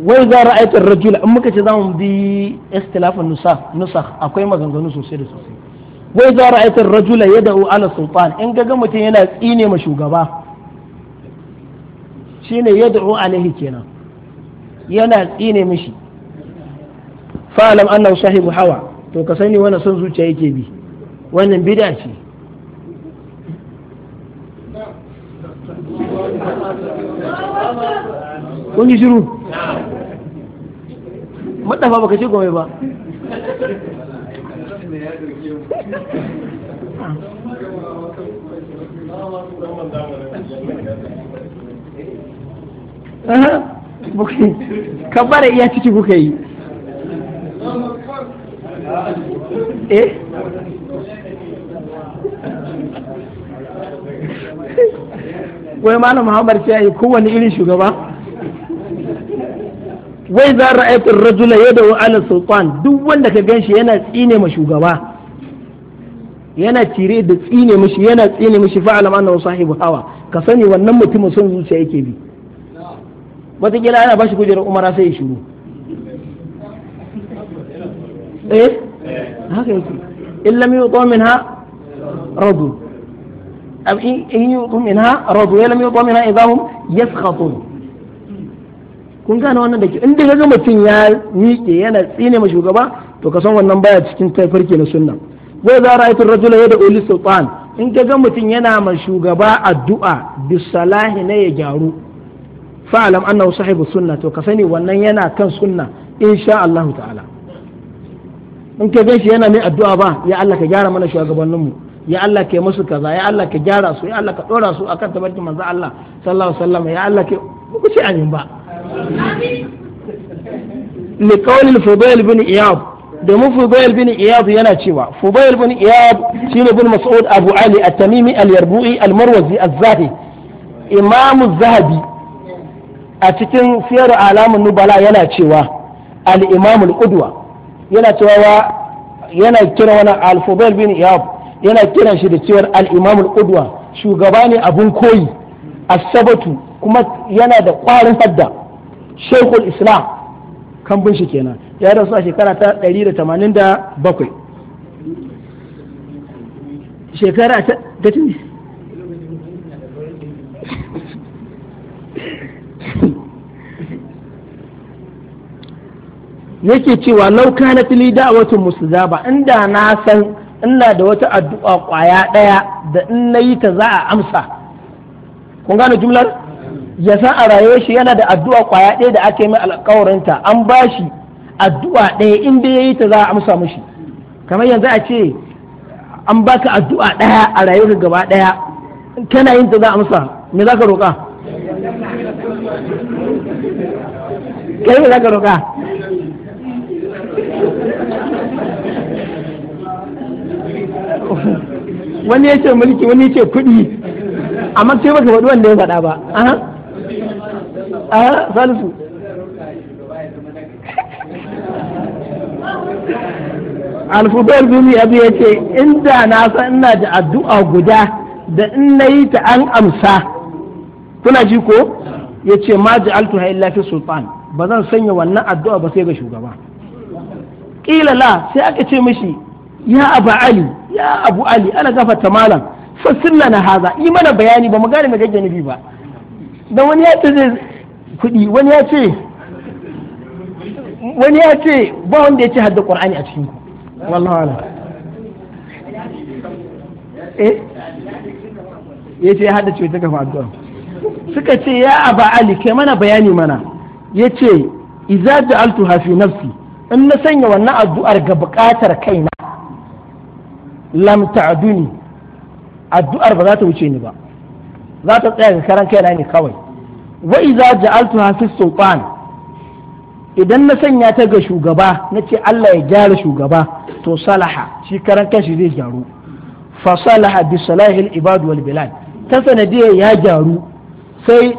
wai za ra'aitar rajula in muka ce zamu bi ikhtilafin nusa nusa akwai maganganu sosai da sosai wai za ra'aitar rajula yad'u ala sultan in ga mutum yana tsine ma shugaba shine yad'u alaihi kenan yana tsine mishi fa'alam annahu sahibu hawa to ka sani wannan son zuciya yake bi wannan bid'a ce kun yi shiru madafa baka ce gome ba ka bara iya ciki kuka yi eh wai malam muhammad sai ya yi kowane irin shugaba wai za ra'aytu kun rajula da wa'ala sultan duk wanda ka ganshi yana tsine ma shugaba yana cire da tsine mishi yana tsine mishi na annahu sahibu hawa ka sani wannan mutumin son zuciya yake bi wataƙila ana bashi kujerar umara sai ya shiru eh haka yake in lam yuqa minha radu am in yuqa minha radu wa lam yuqa minha idahum yaskhatun kun gane wannan da ke in dai mutum ya miƙe yana tsine ma shugaba to ka san wannan baya cikin tafarki na sunna wai za ra'aytu rajul yada uli sultan in ka ga mutum yana ma shugaba addu'a bisalahi ne ya gyaru fa'alam annahu sahibu sunna to ka sani wannan yana kan sunna insha Allah ta'ala in ka gan shi yana mai addu'a ba ya Allah ka gyara mana shugabanninmu ya Allah ka yi musu kaza ya Allah ka gyara su ya Allah ka dora su akan tabarkin manzo Allah sallallahu alaihi wasallam ya Allah ka ku ce amin ba liƙaunin fubayil bin iyab domin fubayil bin iyab yana cewa fubayil bin iyab shine bin mas'ud abu ali at-tamimi al-yarbu'i al-marwazi az-zahi imamu zahabi a cikin siyar da alamun nubala yana cewa al-imam al yana kiran shi da cewar al-imam al-qudwa shugaba ne abun koyi as-sabatu kuma yana da ƙwarin fadda. shekul islam bin shi kenan ya rasu a shekara ta 187 shekara ta yake cewa lauka na fili da'awatun ba inda na san ina da wata addu'a kwaya ɗaya da in yi ta za a amsa kun gane jumlar ya san a raye shi yana da addu'a kwaya ɗaya da aka yi mai alƙawarinta an ba shi addu'a ɗaya in ya yayi ta za a amsa mishi kamar yanzu a ce an baka addu'a ɗaya a rayuwarka gaba ɗaya kana yin ta za a amsa me za ka roƙa kai me za ka roƙa wani ya ce mulki wani ya ce kuɗi amma sai baka faɗi wanda ya faɗa ba a salisu alfubar bin abu ya ce inda na san ina da addu'a guda da in yi ta an amsa kuna ji ko ya ce ma ji altu illa fi sultan ba zan sanya wannan addu'a ba sai ga shugaba ƙila la sai aka ce mishi ya abu ali ya abu ali ana gafarta malam fassirna na haza yi mana bayani ba mu gane me gaggani bi ba da wani ya ce kuɗi wani ya ce wani ya ce ba wanda ya ce hadda qur'ani a cikin ku wallahi ala eh ya ce ya hadda ce ta kafa addu'a suka ce ya aba ali kai mana bayani mana ya ce iza ja'altuha hafi nafsi in na sanya wannan addu'ar ga buƙatar kaina lam ta'duni addu'ar ba za ta wuce ni ba za ta tsaya ga karan kaina ne kawai wa iza ja'altuha fi sultan idan na sanya ta ga shugaba na ce Allah ya gyara shugaba to salaha shi karan kanshi zai gyaru fa salaha bi al ibad wal bilad ta sanadiyar ya gyaru sai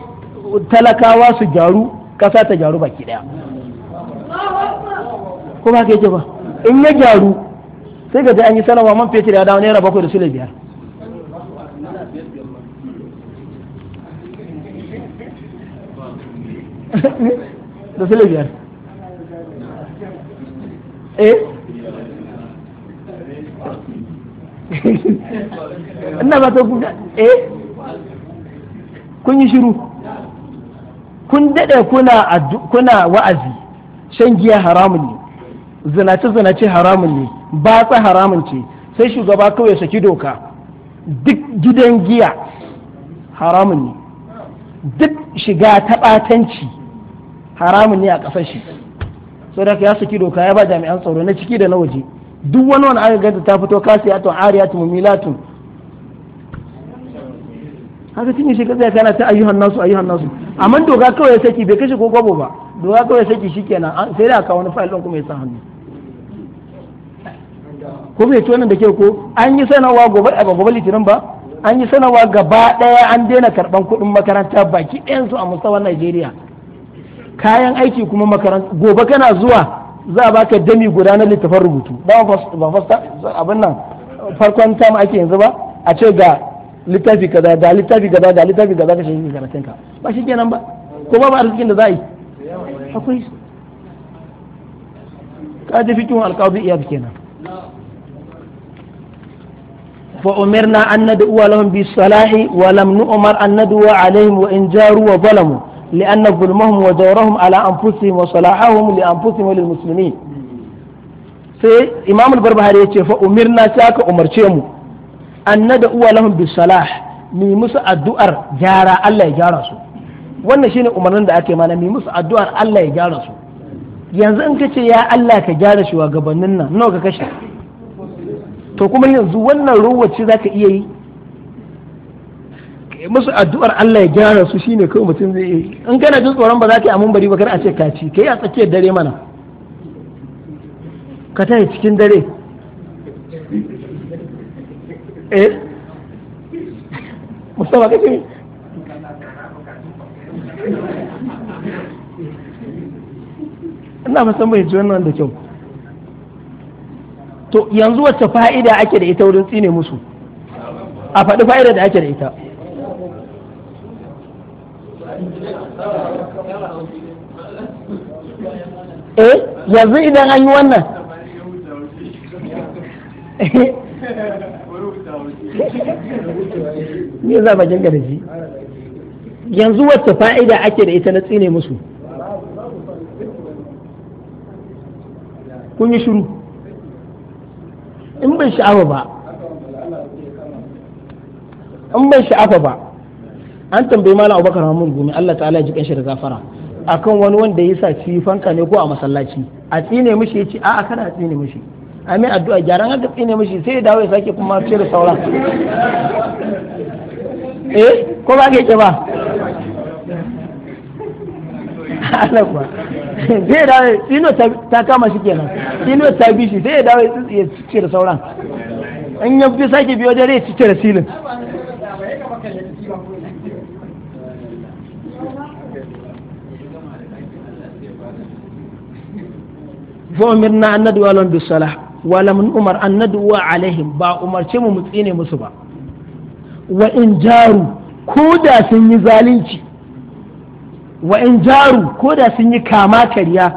talakawa su gyaru kasa ta gyaru baki daya ko ba ke ba in ya gyaru sai ga an yi salama man fetur ya dawo naira bakwai da sule biyar da sule lafiya eh ina ba ta kuka eh kun yi shiru kun daɗe kuna wa'azi shan giya haramun ne zinace-zinace haramun ne batsa haramun ce sai shugaba kawai saki doka duk gidan giya haramun ne duk shiga ta haramun ne a ƙasar shi so da ya saki doka ya ba jami'an tsaro na ciki da na waje duk wani wani aka ganta ta fito kasiyatun ariyatun mumilatun haka cikin shi ya kana ta ayyuhan nasu ayyuhan nasu amma doka kawai ya saki bai kashe ko gwabo ba doka kawai ya saki shikenan sai da aka wani fayil ɗin kuma ya sa hannu ko bai ci wannan da ke ko an yi sanarwa gobe a gobe litinin ba an yi sanawa gaba ɗaya an daina karɓan kuɗin makaranta baki ɗayansu a musamman Najeriya kayan aiki kuma makaranta gobe kana zuwa za a baka dami guda na littafin rubutu ba ba abin nan farkon tam ake yanzu ba a ce ga littafi kaza ga littafi kaza ga littafi kaza ka shi karatun ka ba shi kenan ba ko ba ba arzikin da za a yi akwai ka ji fikin alƙawdi iya kenan فأمرنا أن ندعو لهم بالصلاح ولم نؤمر أن ندعو عليهم وإن جاروا وظلموا لأن ظلمهم ودورهم على أنفسهم وصلاحهم لأنفسهم وللمسلمين sai imam al-barbahari yace fa umirna sai umarce mu annada uwa lahum bi salah mi musu addu'ar jara Allah ya gyara su wannan shine umarnin da ake mana mi musu addu'ar Allah ya yanzu in kace ya Allah ka gyara shugabannin nan nawa ka kashe to kuma yanzu wannan ruwaci za ka iya yi musu addu'ar Allah ya gyara su shine kawai mutum zai yi in kana jin tsoron ba za ka yi amin bari ba kar a ce kaci kai a tsakiyar dare mana ka tashi cikin dare eh mustafa kace ina musamman ji wannan da kyau to yanzu wacce fa'ida ake da ita wurin tsine musu a faɗi fa'ida da ake da ita eh yanzu idan an yi wannan ne za a jinga shi yanzu wacce fa'ida ake da ita na tsine musu kun yi shiru in bai sha'afa ba in bai sha'afa ba an tambayi mala abubakar hamun gumi Allah ta'ala ji kanshi da gafara akan wani wanda ya sa ci fanka ne ko a masallaci a tsine mishi ya ce a'a kana a tsine mishi a mai addu'a gyaran haka tsine mishi sai ya dawo ya sake kuma cire saura eh ko ba ke ba [LAUGHS] Allah kuwa [LAUGHS] zai dawo ino ta kama shi kenan ino ta bi shi zai dawo ya cike da sauran in ya fi sake biyo da zai cike da silin na an nadu alon dusala walamun umar an nadu wa alaihim ba umarce mu mutsine musu ba wa in jaru ko da sun yi zalunci wa in jaru ko da sun yi kama karya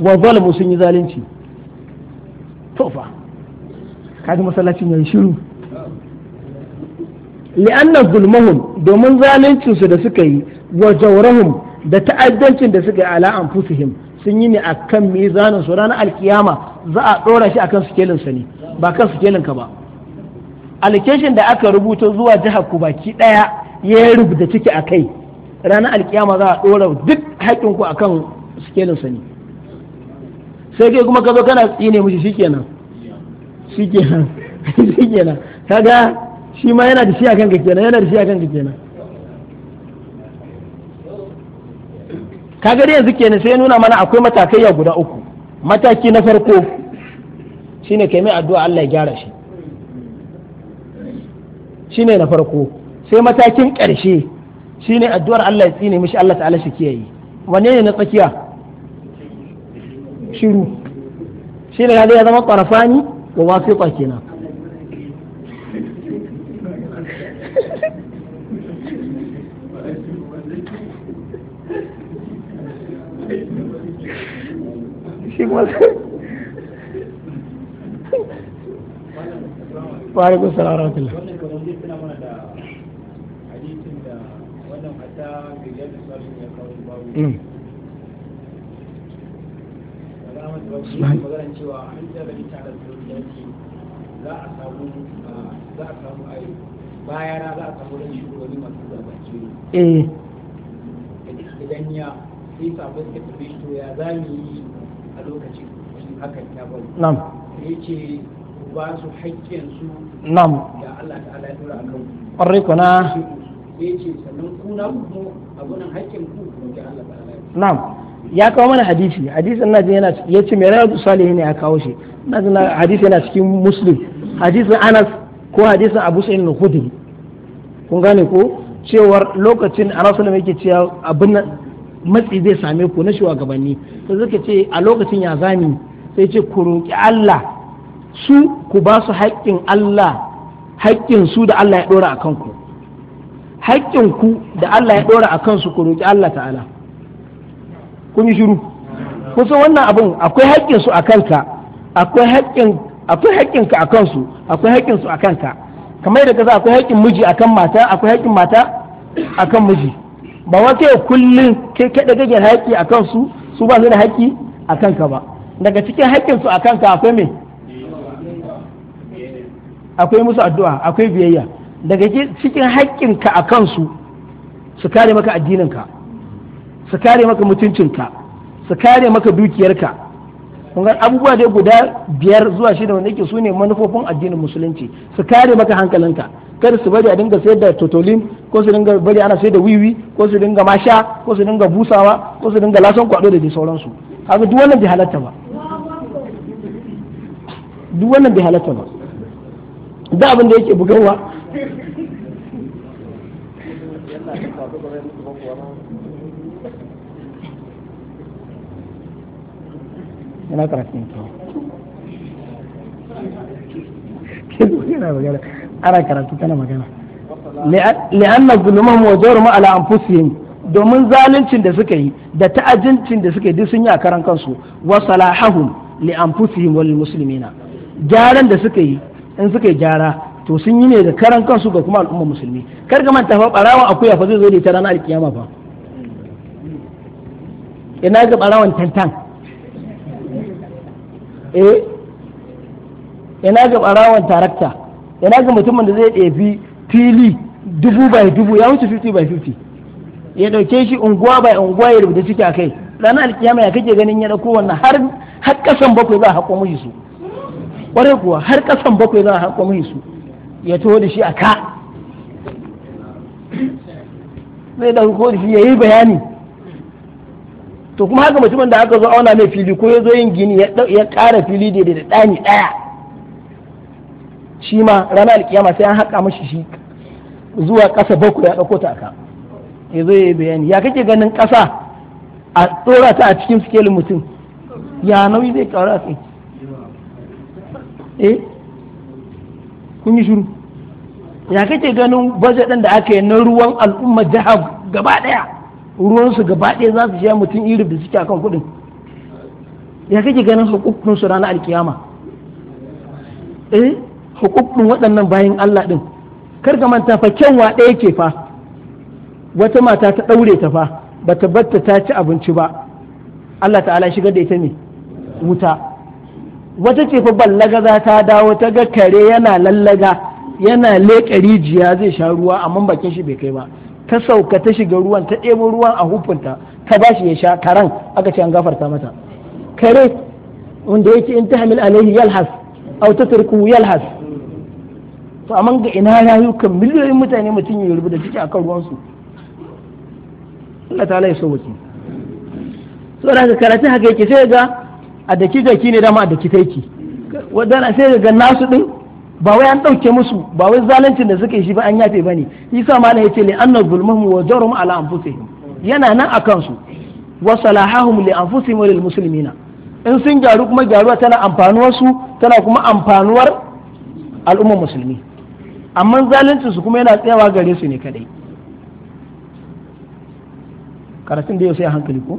wa zalimu sun yi zalunci to fa kaji masallacin yayi shiru li'anna zulmahum domin zaluncinsu su da suka yi wa jawrahum da ta'addancin da suka yi ala anfusihim sun yi ne akan mizanin su ranar alkiyama za a dora shi akan sukelin sa ne ba kan sikelin ka ba allocation da aka rubuta zuwa jihar ku baki daya ya rubuta ciki a kai ranar alkiyama za a ɗora duk haƙƙin ku akan sikelin sani sai kai kuma ka zo kana tsine mishi shikenan shikenan [LAUGHS] shikenan kaga shi ma yana da shi akan ka kenan yana da shi akan ka kenan kaga dai yanzu kenan sai nuna mana akwai matakai ya guda uku mataki na farko shine kai mai addu'a Allah ya gyara shi shine na farko sai matakin ƙarshe shine addu'ar Allah ya tsine mishi Allah ta'ala shi kiyaye wanne ne na tsakiya shiru shine ya zama qarafani wa wasiqa kenan shi wa alaikum wa bayana za a ya Nam. Ya ce ba su haƙƙinsu. Nam. Da Allah ta'ala ya tura Ƙwarai kuna. na'am ya kawo mana hadisi hadisin na yana ya ce mai rayar salihi ne ya kawo shi na jin hadisi yana cikin muslim hadisin anas ko hadisin abu sa'in na hudu kun gane ko cewar lokacin anas ne yake cewa abin matsi zai same ku na shugabanni sai suka ce a lokacin ya zami sai ce ku roƙi Allah su ku ba su haƙƙin Allah haƙƙin su da Allah ya ɗora a kanku haƙƙin ku da Allah ya ɗora a kansu ku roƙi Allah ta'ala kun yi shiru kun san wannan abun akwai haƙƙinsu a kanka akwai haƙƙinka a kansu akwai haƙƙin a kanka kamar yadda kaza akwai haƙƙin miji kan mata akwai haƙƙin mata kan miji ba wa kai kullum kai kaɗa gajiyar haƙƙi a kansu su ba su da haƙƙi a kanka ba daga cikin haƙƙinsu a kanka akwai me akwai musu addu'a akwai biyayya daga cikin haƙƙinka a kansu su kare maka addininka su kare maka mutuncinka su kare maka dukiyarka kuma abubuwa dai guda biyar zuwa shida wanda yake su ne manufofin addinin musulunci su kare maka hankalinka kada su bari a dinga sayar da totolin ko su dinga bari ana sayar da wiwi ko su dinga masha ko su dinga busawa ko su dinga lasan kwado da sauransu haka duk wannan bai halatta ba duk wannan bai halatta ba da abin da yake bugarwa yana karatun kyau yana magana ana karatu tana magana li'anna zulumahum wa jawruhum ala anfusihim domin zaluncin da suka yi da ta'ajincin da suka yi duk sun yi a karan kansu wa salahahum li anfusihim wal muslimina gyaran da suka yi in suka yi gyara to sun yi ne da karan kansu ga kuma al'umma musulmi kar ka manta fa barawan akuya fa zai zo da ita ranar alkiyama fa ina ga barawan tantan eh ina ga barawan tarakta ina ga mutumin da zai ɗebi fili dubu bai dubu ya wuce 50 bai 50 ya dauke shi unguwa bai unguwa ya rubuta ciki akai ranar alkiyama ya kake ganin ya dauko wannan har har kasan bakwai za a hako mushi su kwarai kuwa har kasan bakwai za a hako mushi su ya taho da shi a ka zai ɗauko da shi ya yi bayani to kuma haka mutumin da aka zo auna mai fili ko ya zo yin gini ya kara fili da da ɗani ɗaya shi ma ranar alkiyama sai an haƙa mashi shi zuwa ƙasa bakwai ya ɗauko ta aka ya zo ya yi bayani ya kake ganin ƙasa a ɗora ta a cikin sikelin mutum ya nauyi zai ƙaura a eh kun yi shiru ya kake ganin baje ɗin da aka yi na ruwan al'umma jihar gaba ɗaya ruwansu gaba ɗaya za su sha mutum irin da suke akan kuɗin ya kake ganin hukukun su ranar alkiyama eh hukukun waɗannan bayan Allah ɗin kar ka manta fa kyanwa ɗaya ke fa wata mata ta ɗaure ta fa bata batta ta ci abinci ba Allah ta'ala shigar da ita ne wuta wata ce fa za ta dawo ta ga kare yana lallaga yana leƙa rijiya zai sha ruwa amma bakin shi bai kai ba ta sauka ta shiga ruwan ta ɗebo ruwan a hufunta ta ba shi ya sha karan aka ce an gafarta mata kare wanda yake in ta hamil alaihi yalhas aw turku yalhas to amma ga ina rayukan miliyoyin mutane mutum ya rubuta ciki akan ruwan su Allah ta'ala ya sauke So haka karatun haka yake sai ga a daki zaki ne dama a daki taiki wadana sai ga nasu din ba wai an dauke musu ba wai zaluncin da suka yi shi ba an yafe bane isa mala yace li anna zulmuhum wa jarum ala anfusihim yana nan akan su wa salahahum li anfusihim wa lil muslimina in sun gyaru kuma gyaruwa tana amfanuwar su tana kuma amfanuwar al'ummar musulmi amma zaluncin su kuma yana tsayawa gare su ne kadai karatun da yau sai hankali ko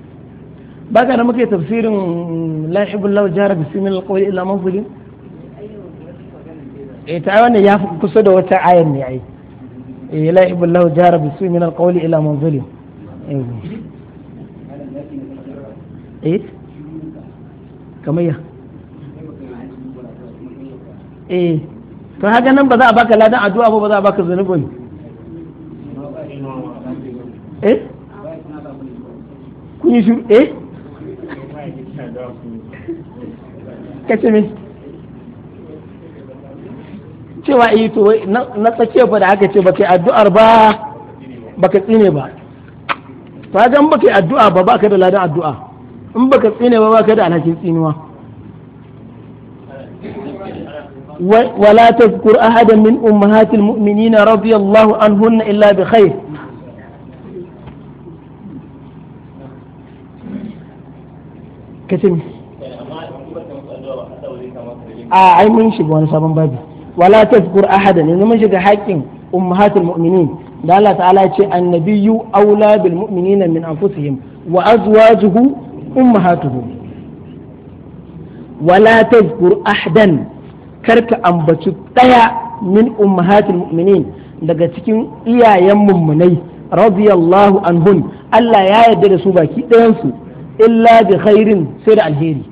baka da muke tafsirin la'ibun lau jara min alkawai illa manfulin eh ta wannan ya fi kusa da wata ayan ne ai eh la'ibun lau jara bisimin alƙawai illa manfulin eh kamar ya eh to haka nan ba za a baka ladan addu'a ba ba za a baka zanubin eh kun yi eh kace me cewa yi eh to na tsakiyar ba da aka ce ba kai addu'ar ba ka tsine ba ta ba ka yi addu'a ba ka da ladan addu'a in baka tsine ba ka da alhakin tsinuwa ولا تذكر أحدا من أمهات المؤمنين رضي الله عنهن إلا بخير kace a ai mun shiga wani sabon babi wala tazkur ahadan yanzu mun shiga haƙƙin ummahatul mu'minin da Allah ta'ala ce annabiyyu aula bil mu'minina min anfusihim wa azwajuhu ummahatuhum wala tazkur ahadan karka ambaci daya min ummahatul mu'minin daga cikin iyayen mummunai radiyallahu anhun Allah ya yarda da su baki ɗayansu illa bi khairin sai da alheri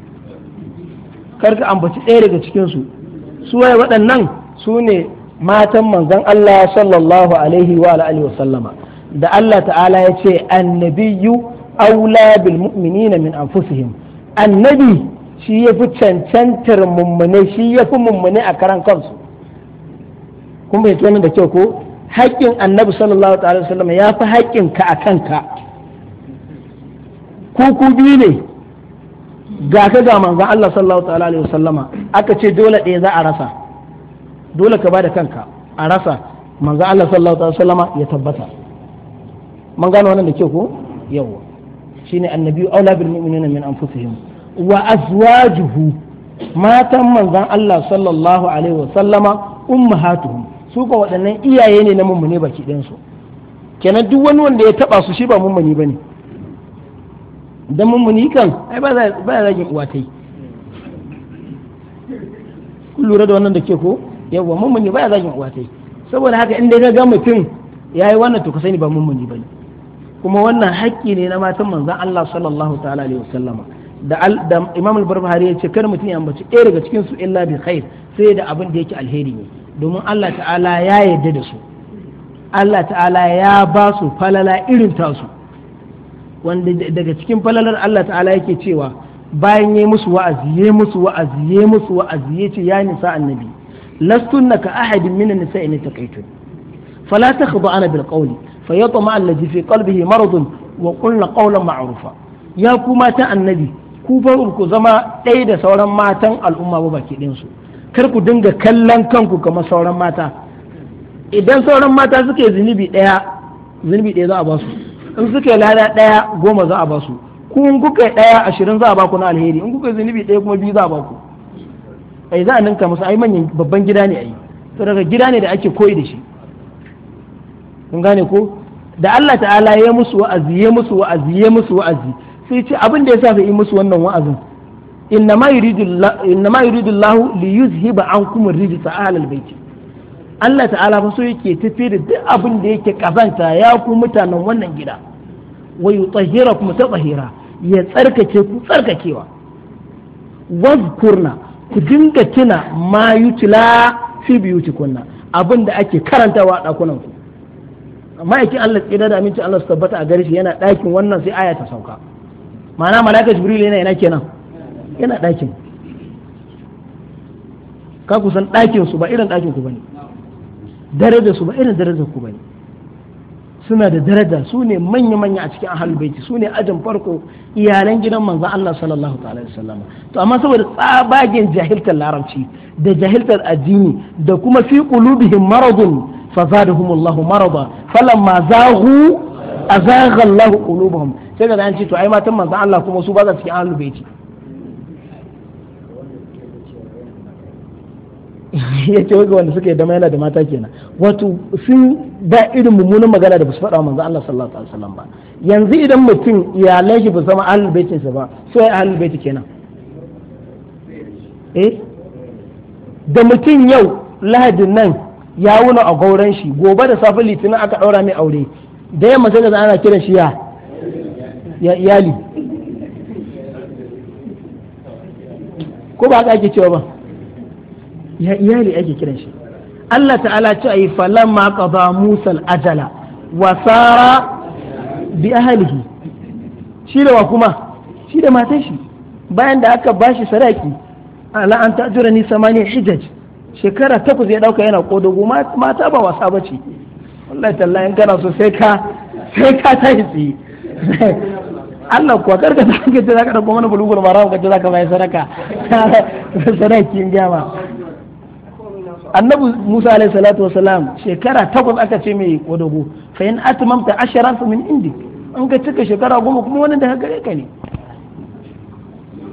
karka ambaci ɗaya daga cikinsu su waye waɗannan su ne matan manzon Allah sallallahu alaihi wa alihi wa sallama da Allah ta'ala ya ce annabiyyu aula bil mu'minina min anfusihim annabi shi ya fi cancantar mummune shi ya fi mummune a karan kansu kuma ya tonin da kyau ko haƙƙin annabi sallallahu alaihi wa sallama ya fi haƙƙin ka a kanka kuku biyu ne ga ka ga manzon Allah sallallahu ta'ala alaihi wasallama aka ce dole ɗaya za a rasa dole ka ba da kanka a rasa manzon Allah sallallahu ta'ala wasallama ya tabbata man gano wannan da ke ko yawa shine annabi aula bil mu'minina min anfusihim wa azwajuhu matan manzon Allah sallallahu alaihi wasallama ummahatuhum su ko waɗannan iyaye ne na mummune baki ɗansu kenan duk wani wanda ya taba su shi ba mummuni bane da mummuni kan ai ba ya zagin uwa kun lura da wannan da ke ko yawwa mummuni ba ya zagin uwa saboda haka in dai ga mutum ya yi wannan to ka sani ba mummuni ba ne kuma wannan haƙƙi ne na matan manzan Allah sallallahu ta'ala alaihi wasallama da imam al-barbahari ya ce kar mutum ya ambaci ɗaya daga cikin su illa bi khair sai da abin da yake alheri ne domin Allah ta'ala ya yarda da su Allah ta'ala ya ba su falala irin tasu wanda daga cikin falalar Allah ta'ala yake cewa bayan yayi musu wa'azi musu wa'azi yayi musu wa'azi yace ya nisa annabi lastunna ka ahadin min nisa nisai in taqaytun fala takhda'ana bil qawli fayatma alladhi fi qalbihi maradun wa qulna qawlan ma'rufa ya ku mata annabi ku fa ku zama ɗaya da sauran matan al'umma ba baki ɗin su kar ku dinga kallon kanku kamar sauran mata idan sauran mata suke zunubi ɗaya zunubi ɗaya za a ba su in suka yi lada ɗaya goma za a ba su ku in kuka yi ɗaya ashirin za a ba ku na alheri in kuka yi zunubi ɗaya kuma biyu za a ba ku ai za a ninka musu ai manyan babban gida ne ai to daga gida ne da ake koyi da shi kun gane ko da Allah ta'ala ya musu wa'azi ya musu wa'azi ya musu wa'azi sai ce abin da ya sa yi musu wannan wa'azin innama yuridu Allah li yuzhiba ankum rijsa ahlal baiti Allah ta'ala fa so yake tafi da duk abin da yake kazanta ya ku mutanen wannan gida wa yutahhirakum tatahira ya tsarkake ku tsarkakewa wazkurna ku dinga tuna ma yutla fi biyutikunna abin da ake karantawa a ɗakunanku. ku ma'aikin Allah tsira da aminci Allah su tabbata a gare shi yana ɗakin wannan sai aya ta sauka ma'ana malaka jibril yana yana kenan yana ɗakin ka kusan ɗakin su ba irin ɗakin ku bane dare da su ba irin dare da ku bane suna da daraja su ne manya-manya a cikin ahlul baiti su ne ajin farko iyalan gidan manzo Allah sallallahu ta'ala wasallam to amma saboda tsabagen jahiltar larabci da jahiltar addini da kuma fi qulubihim maradun fazadahumullahu marada falamma zaghu azagha qulubuhum sai da an ce to ai matan manzo Allah kuma su ba za cikin ahlul [LAUGHS] ya ce wanda suka yi dama yana da mata kenan wato sun ba irin mummunan magana da su faɗa manzo Allah sallallahu alaihi wasallam ba yanzu idan mutum iyalai shi ba zama ahlul baiti sa ba so ya ahlul baiti kenan eh da mutum yau lahadin nan ya wuna a gauran shi gobe da safe litinin aka ɗaura mai aure da yamma sai ga ana kiran shi ya ya iyali ko ba ka ake cewa ba ya iyali ake kiran shi Allah ta'ala ce ayi falamma qada Musa al-ajala wa sara bi ahlihi shi da wa kuma shi da matan shi bayan da aka bashi sadaki ala an ta'jura ni samani hijaj shekara takwas ya dauka yana kodogo mata ba wasa bace wallahi tallahi in kana so sai ka sai ka tashi tsaye [LAUGHS] Allah kuwa karka ta hanke ta zaka dauko mana bulugul mara ka ta zaka mai sadaka [LAUGHS] sadakin gama annabi Musa alaihi salatu wa salam shekara takwas aka ce mai wadago fa in atmamta asharan fa min indi in ka cika shekara goma kuma wani ka gare ka ne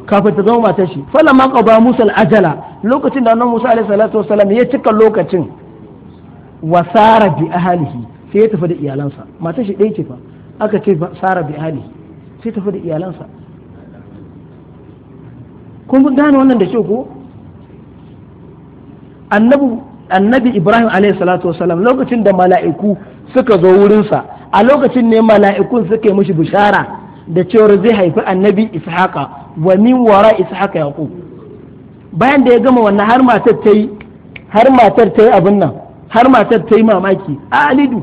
kafin ta zama matar shi lamma qaba Musa al-ajala lokacin da annabi Musa alaihi salatu wa salam ya cika lokacin wa sara bi ahlihi sai ya tafi da iyalansa matar shi ɗaya ce fa aka ce sara bi ahlihi sai tafi da iyalansa kun gane wannan da ke ko annabi ibrahim alayhi salatu wasalam lokacin da mala'iku suka zo wurinsa a lokacin ne mala'ikun suka yi mushi bishara da cewar zai haifi annabi ishaqa wa min wara ishaqa ku bayan da ya gama wannan har matar ta yi har matar ta yi abin nan har matar ta yi mamaki a alidu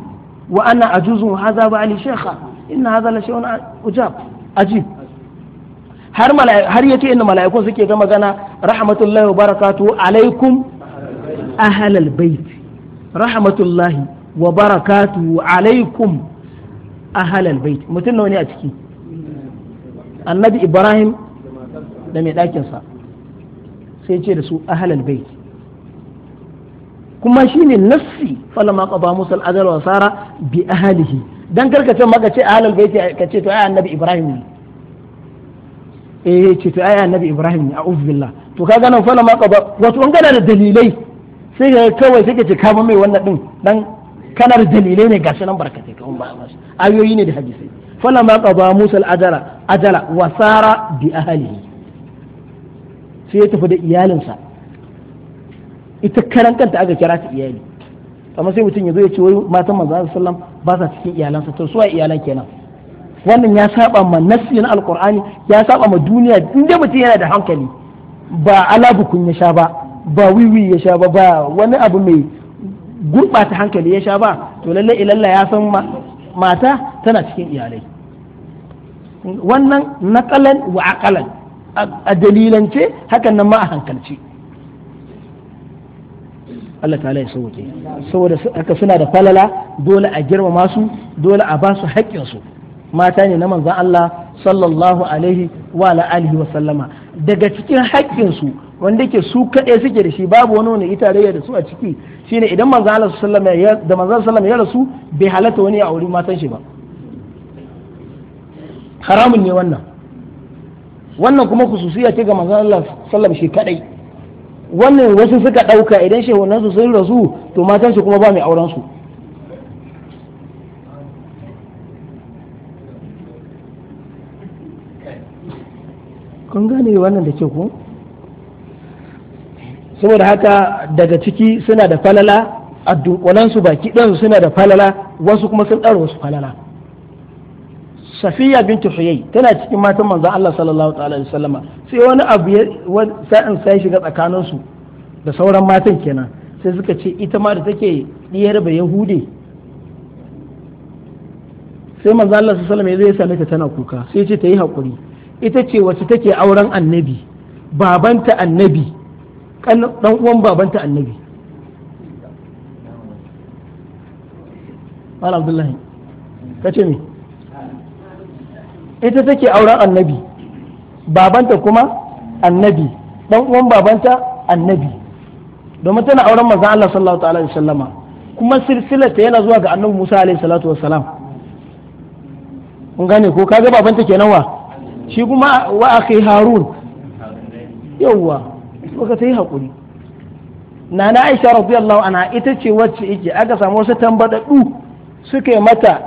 wa ana juzun haza ba ali shekha ina haza la shay'un ujab ajib har har yace inna mala'ikun suke gama gana rahmatullahi wa barakatuhu alaikum ahlal bait rahmatullahi wa barakatuhu alaikum ahlal bait mutum nawa ne a ciki annabi ibrahim da mai ɗakinsa sai ce da su kuma shine nassi falama qada musa al wa sara bi ahlihi dan karkace maka ce ahlal bait ka ce to ai annabi ibrahim ne eh ce to ai annabi ibrahim ne a'udhu billah to kaga nan falama qada wato an gana da dalilai sai ga kawai sai ka ce kama mai wannan din dan kanar dalilai ne gashi nan barkatai kawai ba masu ayoyi ne da hadisi fala ma qaba musa al ajala ajala wa sara bi ahlihi sai ya tafi da iyalinsa ita karan kanta aka kira ta iyali amma sai mutum ya zo ya ce wai matan manzo sallam ba sa cikin iyalansa to suwa iyalan kenan wannan ya saba ma nassi alqur'ani ya saba ma duniya inda mutum yana da hankali ba ala bukun ya sha ba ba wiwi ya sha ba ba wani abu mai gurɓata hankali ya sha ba to lalle ilalla ya san mata tana cikin iyalai wannan naƙalan wa aƙalan a dalilance hakan nan ma a hankalci Allah ta ya sauke saboda haka suna da falala dole a girmama su dole a ba su haƙƙinsu mata ne na manzan Allah sallallahu alaihi wa alihi wa sallama daga cikin haƙƙinsu wanda ke su kaɗai suke da shi babu wani wani ita da su a ciki shine idan manzala sallama ya da manzala sallama ya rasu bai halatta wani ya auri matan shi ba haramun ne wannan wannan kuma kususiya ce ga manzala Allah shi kaɗai wannan wasu suka ɗauka idan shehunan su sun rasu to matan shi kuma ba mai auren su kun gane wannan da ke ku saboda haka daga ciki suna da falala a dunkulansu baki ɗansu suna da falala wasu kuma sun ɗara wasu falala safiya bin huyai tana cikin matan manzon Allah sallallahu ta'ala alaihi wasallama sai wani abu ya sa'in sai shiga tsakaninsu da sauran matan kenan sai suka ce ita ma da take diyar ba yahude sai manzon Allah sallallahu alaihi ya same ta tana kuka sai ce ta yi hakuri ita ce wacce take auren annabi babanta annabi Ɗan uwan babanta annabi Mala Abdullahi ka ce me ita take auren annabi babanta kuma annabi ɗan uwan babanta annabi domin tana auren manzon Allah sallallahu ta'ala alaihi sallama kuma silsilar ta yana zuwa ga annabi Musa alaihi salatu salam kun gane ko kaga babanta kenan wa shi kuma wa akhi Harun yawwa ta yi haƙuri na aisha radiyallahu ana ita ce wacce ike aka samu wasu tambadaɗu suka yi mata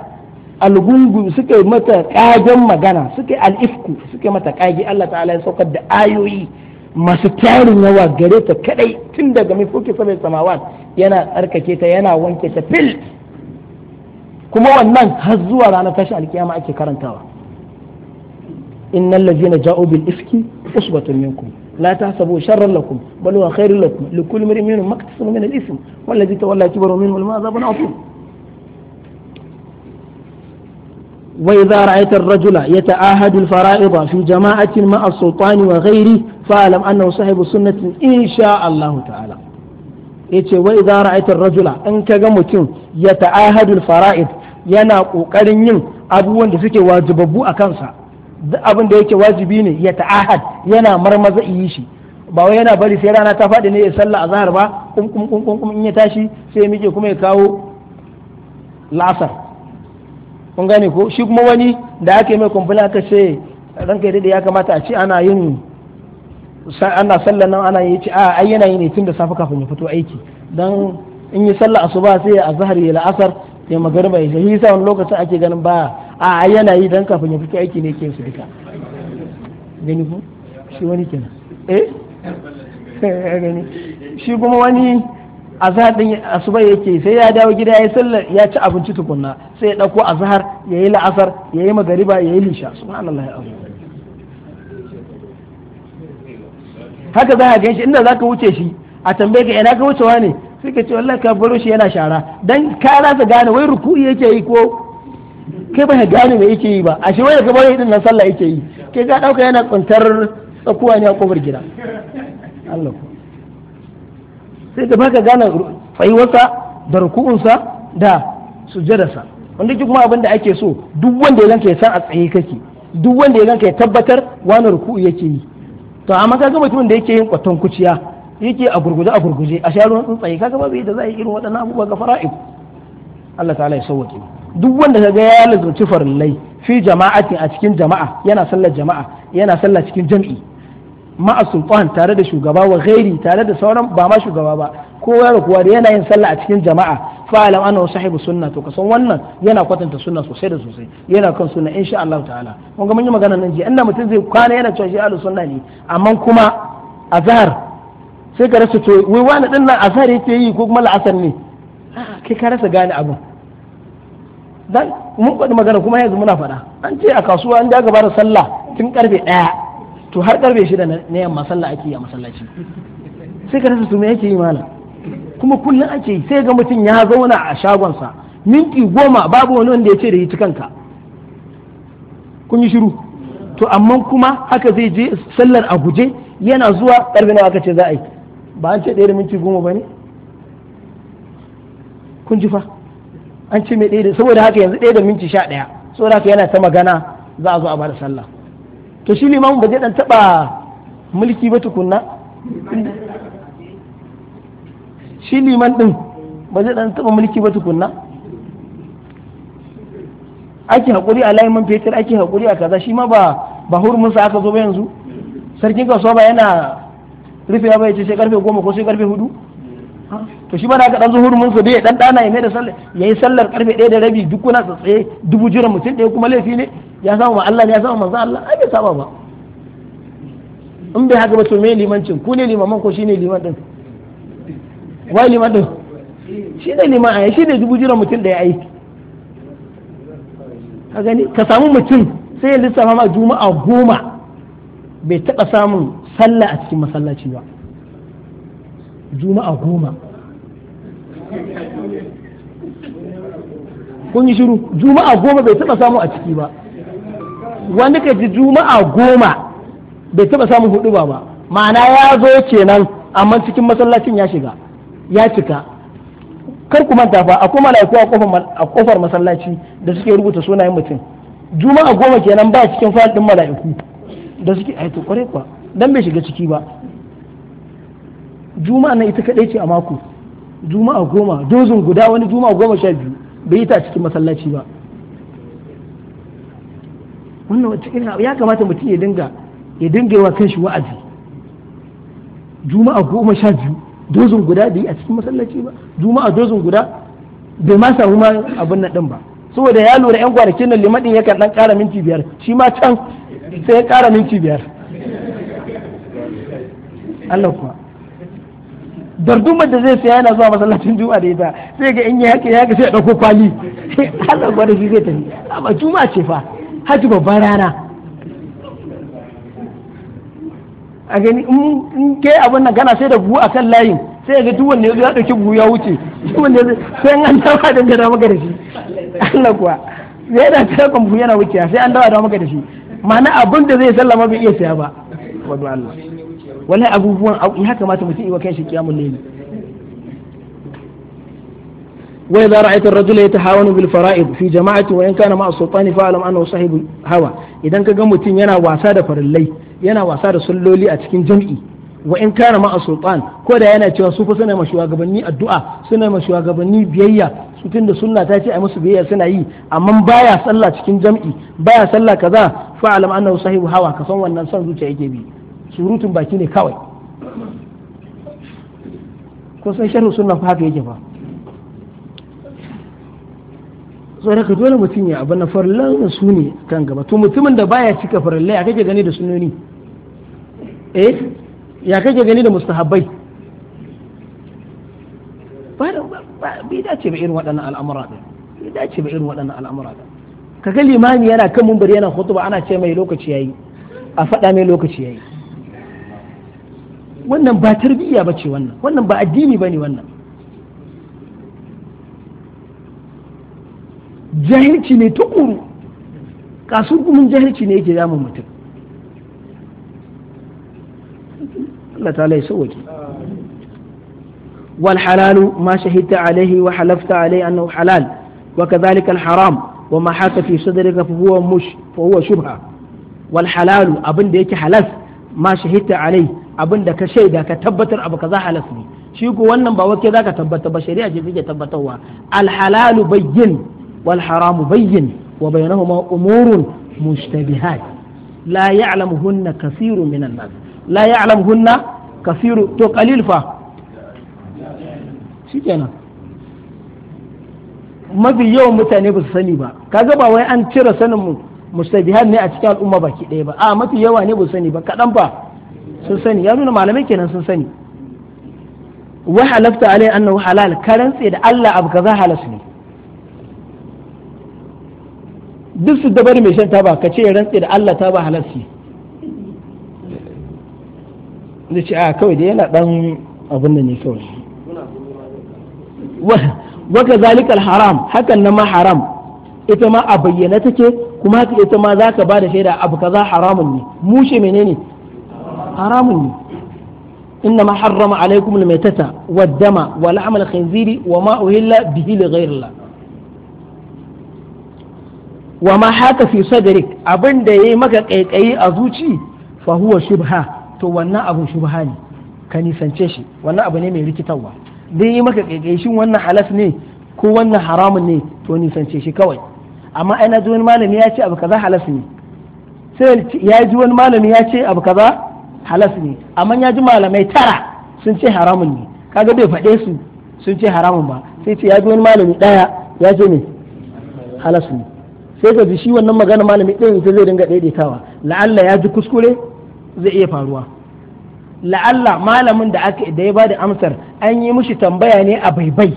algungu suka yi mata kagen magana suka yi al'ifku suka yi mata kage Allah ta'ala ya saukar da ayoyi masu tarin yawa gare ta kadai tun daga mai fuki samawat yana tsarkake ta yana wanke ta fil kuma wannan har zuwa ranar tashi alkiyama ake karantawa innal na ja'u bil ifki usbatun minkum لا تحسبوا شرا لكم بل هو خير لكم لكل امرئ منهم ما اكتسب من الاثم والذي تولى كبره منهم الماء عذاب عظيم وإذا رأيت الرجل يتعاهد الفرائض في جماعة مع السلطان وغيره فاعلم أنه صاحب سنة إن شاء الله تعالى yace wai za ra'aitar rajula in ka ga mutum ya ta'ahadul fara'id yana kokarin yin abubuwan da suke wajibabbu a kansa duk abin da yake wajibi ne ya ta'ahad yana marmaza yi shi ba wai yana bari sai rana ta faɗi ne ya sallah a zahar ba kum kum kum kum in ya tashi sai ya miƙe kuma ya kawo lasar kun gane ko shi kuma wani da ake mai kumfula aka ce ranka da ya kamata a ce ana yin ana sallar nan ana yi ce a ai yana yi ne tun da safe kafin ya fito aiki dan in yi sallah asuba sai a zahar ya la'asar ya magariba ya shi yasa wani lokacin ake ganin ba a yana yi dan kafin ya fito aiki ne ke su duka gani ku shi wani kenan eh [LAUGHS] gani shi kuma wani a azhar din asuba yake sai ya dawo gida ya sallar ya ci abinci tukunna sai ya dauko zahar ya yi la'asar ya yi magariba ya yi lisha subhanallahi abu. haka za a ganshi inda za ka wuce shi a tambaye ka ina ka wucewa ne sai ka ce wallahi ka baro shi yana shara dan ka za gane wai ruku'i yake yi ko kai ba gane me yake yi ba a wai ga bari din nan sallah yake yi kai ka dauka yana kuntar tsakuwa ne a kofar gida Allah ku sai ka baka gane faiwarsa da ruku'unsa da sujjadarsa wanda ki kuma abin da ake so duk wanda ya ganka ya san a tsaye kake duk wanda ya ganka ya tabbatar wani ruku'u yake yi to amma ka ga mutumin da yake yin kwaton kuciya yake a gurguje a gurguje a sharuwan tsuntsaye kaga ba bai da za a yi irin waɗannan abubuwa ga fara'i Allah ta'ala ya sauwaƙe mu duk wanda kaga ya lazumci farillai fi jama'atin a cikin jama'a yana sallar jama'a yana sallar cikin jam'i ma'a sultan tare da shugaba wa tare da sauran ba ma shugaba ba ko da kowa da yana yin sallah a cikin jama'a fa alam anna sahibu sunna to kasan wannan yana kwatanta sunna sosai da sosai yana kan sunna insha Allah ta'ala kun ga mun yi magana nan ji inda mutum zai kwana yana cewa shi ahlus sunna ne amma kuma azhar sai ka rasa to wai wani din nan azhar yake yi ko kuma la'asar ne kai ka rasa gane abin dan mun faɗi magana kuma yanzu muna faɗa an ce a kasuwa an ja gaba da sallah tun karfe ɗaya to har karfe shida na yamma sallah ake yi a masallaci sai ka rasa su yake yi malam kuma kullum ake yi sai ga mutum ya zauna a shagonsa minti goma babu wani wanda ya ce da yi kanka kun yi shiru to amma kuma haka zai je sallar a guje yana zuwa karfe nawa aka ce za a yi ba an ce ɗaya da minti goma ba ne kun ji fa an ce mai ɗaya saboda haka yanzu ɗaya da minti sha ɗaya saboda haka yana ta magana za a zo a bada sallah to shi limamin ba zai dan taɓa mulki ba tukunna shi liman ɗin ba zai dan taɓa mulki ba tukunna ake haƙuri a layin man fetur ake haƙuri a kaza shi ma ba ba aka zo ba yanzu sarkin kasuwa ba yana rufe ya bai ce sai karfe goma ko sai karfe hudu to shi ba da ga dan zuhur mun bai dan dana ya mai da sallar yayi sallar karfe 1 da rabi duk kuna tsaye dubu jiran mutum ɗaya kuma laifi ne ya samu ma Allah ne ya samu manzo Allah ai bai saba ba in bai haka ba to me limancin ku ne limaman ko shine liman din wai liman din shine liman ai shine dubu jiran mutum ɗaya ai ka gani ka samu mutum sai ya lissafa ma juma'a goma bai taɓa samun sallah a cikin masallaci ba juma'a goma kun yi shiru juma'a goma bai taba samu a ciki ba wani ka ji juma'a goma bai taba samu hudu ba ba ma'ana ya zo kenan amma cikin masallacin ya shiga ya cika kar ku manta fa akwai mala'iku a kofar masallaci da suke rubuta sunayen mutum juma'a goma kenan ba cikin fadin mala'iku da suke aito kware kwa dan bai shiga ciki ba juma'a na ita kaɗai ce a mako juma'a goma dozin guda wani juma'a goma sha biyu bai yi ta cikin masallaci ba wannan wata irin ya kamata mutum ya dinga ya dinga yawa kanshi wa'azi juma'a goma sha biyu dozin guda bai yi a cikin masallaci ba juma'a dozin guda bai ma samu ma abin nan din ba saboda ya lura yan kwanakin nan limadin yakan dan ƙara minti biyar shi ma can sai ya ƙara minti biyar Allah kuwa dardumar da zai saya yana zuwa masallacin juma'a da ita sai ga in yi haka ya haka sai ya dauko kwali [LAUGHS] Allah gwada shi zai tafi amma juma'a ce fa haji babban rana a gani in ke abin nan gana sai da buhu kan layin sai ga duk wanda ya dauki buhu ya wuce duk wanda sai an dawo da gada maka da shi Allah kuwa sai da ta kan buhu yana wuce sai an dawo da maka da shi ma'ana abin da zai sallama bai iya saya ba wallahi Allah wani abubuwan abu ya kamata mutum yi wa kanshi kiyamun ne ne wa idza ra'aita ar-rajula yatahawanu bil fara'id fi jama'ati wa in kana ma'a sultani fa alam annahu hawa idan ka ga mutum yana wasa da farillai yana wasa da salloli a cikin jam'i wa in kana ma'a ko da yana cewa su fa suna ma shugabanni addu'a suna ma shugabanni biyayya su tunda sunna ta ce a musu biyayya suna yi amma baya sallah cikin jami'i baya sallah kaza fa alam annahu sahibu hawa ka san wannan son zuciya yake bi surutun baki ne kawai ko sai sharhu sunna fa haka yake ba so da dole mutum ya abin na da su ne kan gaba to mutumin da baya cika farillai ya kake gani da sunoni eh ya kake gani da mustahabbai ba bai dace ba irin waɗannan al'amura ɗin bai dace ba irin waɗannan al'amura ɗin kaga limami yana kan mumbari yana ba ana ce mai lokaci yayi a faɗa mai lokaci yayi wannan ba tarbiyya ba ce wannan wannan ba addini ba ne wannan jahilci ne tukuru kasur gumin jahilci ne yake damun mutum Allah ta lai sauwaki wal halalu ma shahidta alaihi wa halafta alaihi annahu halal wa kadhalika al haram wa ma haka fi sadrika fa huwa mush fa huwa shubha wal halalu abin yake halas ma shahidta alaihi abin da ka shaida ka tabbatar abu kaza halas ne shi ku wannan ba wake zaka tabbata ba shari'a ce take tabbatarwa al halalu bayyin wal haramu bayyin wa bainahuma umurun mushtabihat la ya'lamuhunna kathirun minan nas la ya'lamuhunna kathiru to qalil fa shikenan mafi yawan mutane ba su sani ba kaga ba wai an cire sanin mushtabihat ne a cikin al'umma baki ɗaya ba a mafi yawa ne ba su sani ba kaɗan ba sun sani ya nuna malamai kenan sun sani wa halafta alai annahu halal karantse da Allah abu kaza halas ne duk su dabari mai shan taba ka ce ya da Allah ta ba halas ne zai ce a kawai da yana dan abin da ne kawai wa kazalika haram hakan nan ma haram ita ma a bayyana take kuma haka ita ma zaka ba da shaida abu kaza haramun ne mushe menene haramun ne inna ma harrama alaikum almaitata waddama wa la'amal khinziri wa ma uhilla bihi li ghairillah wa ma haka fi sadrik abin da yayi maka kaikayi a zuci fa huwa to wannan abu shubha ne ka nisance shi wannan abu ne mai rikitarwa dai yi maka kaikayi shin wannan halas ne ko wannan haramun ne to nisance shi kawai amma ai na ji wani malami ce halas ne ya ji wani ce halas ne amma ya ji malamai tara sun ce haramun ne kaga bai faɗe su sun ce haramun ba sai ce ya ji wani malami ɗaya ya ce ne halas ne sai ka ji shi wannan magana malami ɗin sai zai dinga daidaitawa la'alla ya ji kuskure zai iya faruwa la'alla malamin da aka da ya bada amsar an yi mishi tambaya ne a baibai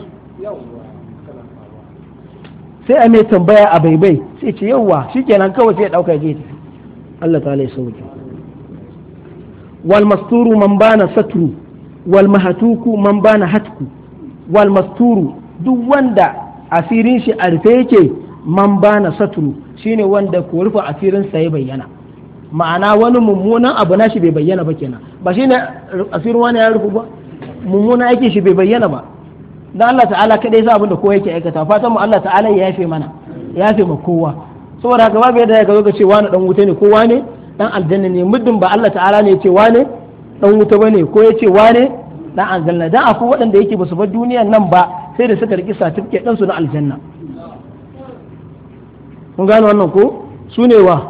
sai a mai tambaya a baibai sai ce yauwa shikenan kawai sai ya ɗauka ya je Allah ta ya sauke والمستور من بان ستر satru من بان والمستور hatku وندا duk wanda asirin shi a rufe yake كورف bana satru shine wanda ko rufe asirin sa ya bayyana ma'ana wani mummunan abu na shi bai bayyana ba kenan ba shine asirin wani ya rufe ba mummunan shi bai bayyana ba dan Allah ta'ala kadai sa abin da kowa yake aikata fatan mu Allah ta'ala ya yafe mana ya yafe ma kowa saboda haka babu yadda ka zo ka ce wani dan wuta ne kowa ne dan aljanna ne muddin ba Allah ta'ala ne ya ce wane dan wuta bane ko ya ce wane dan aljanna dan akwai waɗanda yake su bar duniyar nan ba sai da suka riki certificate ɗansu na aljanna kun gane wannan ko su ne wa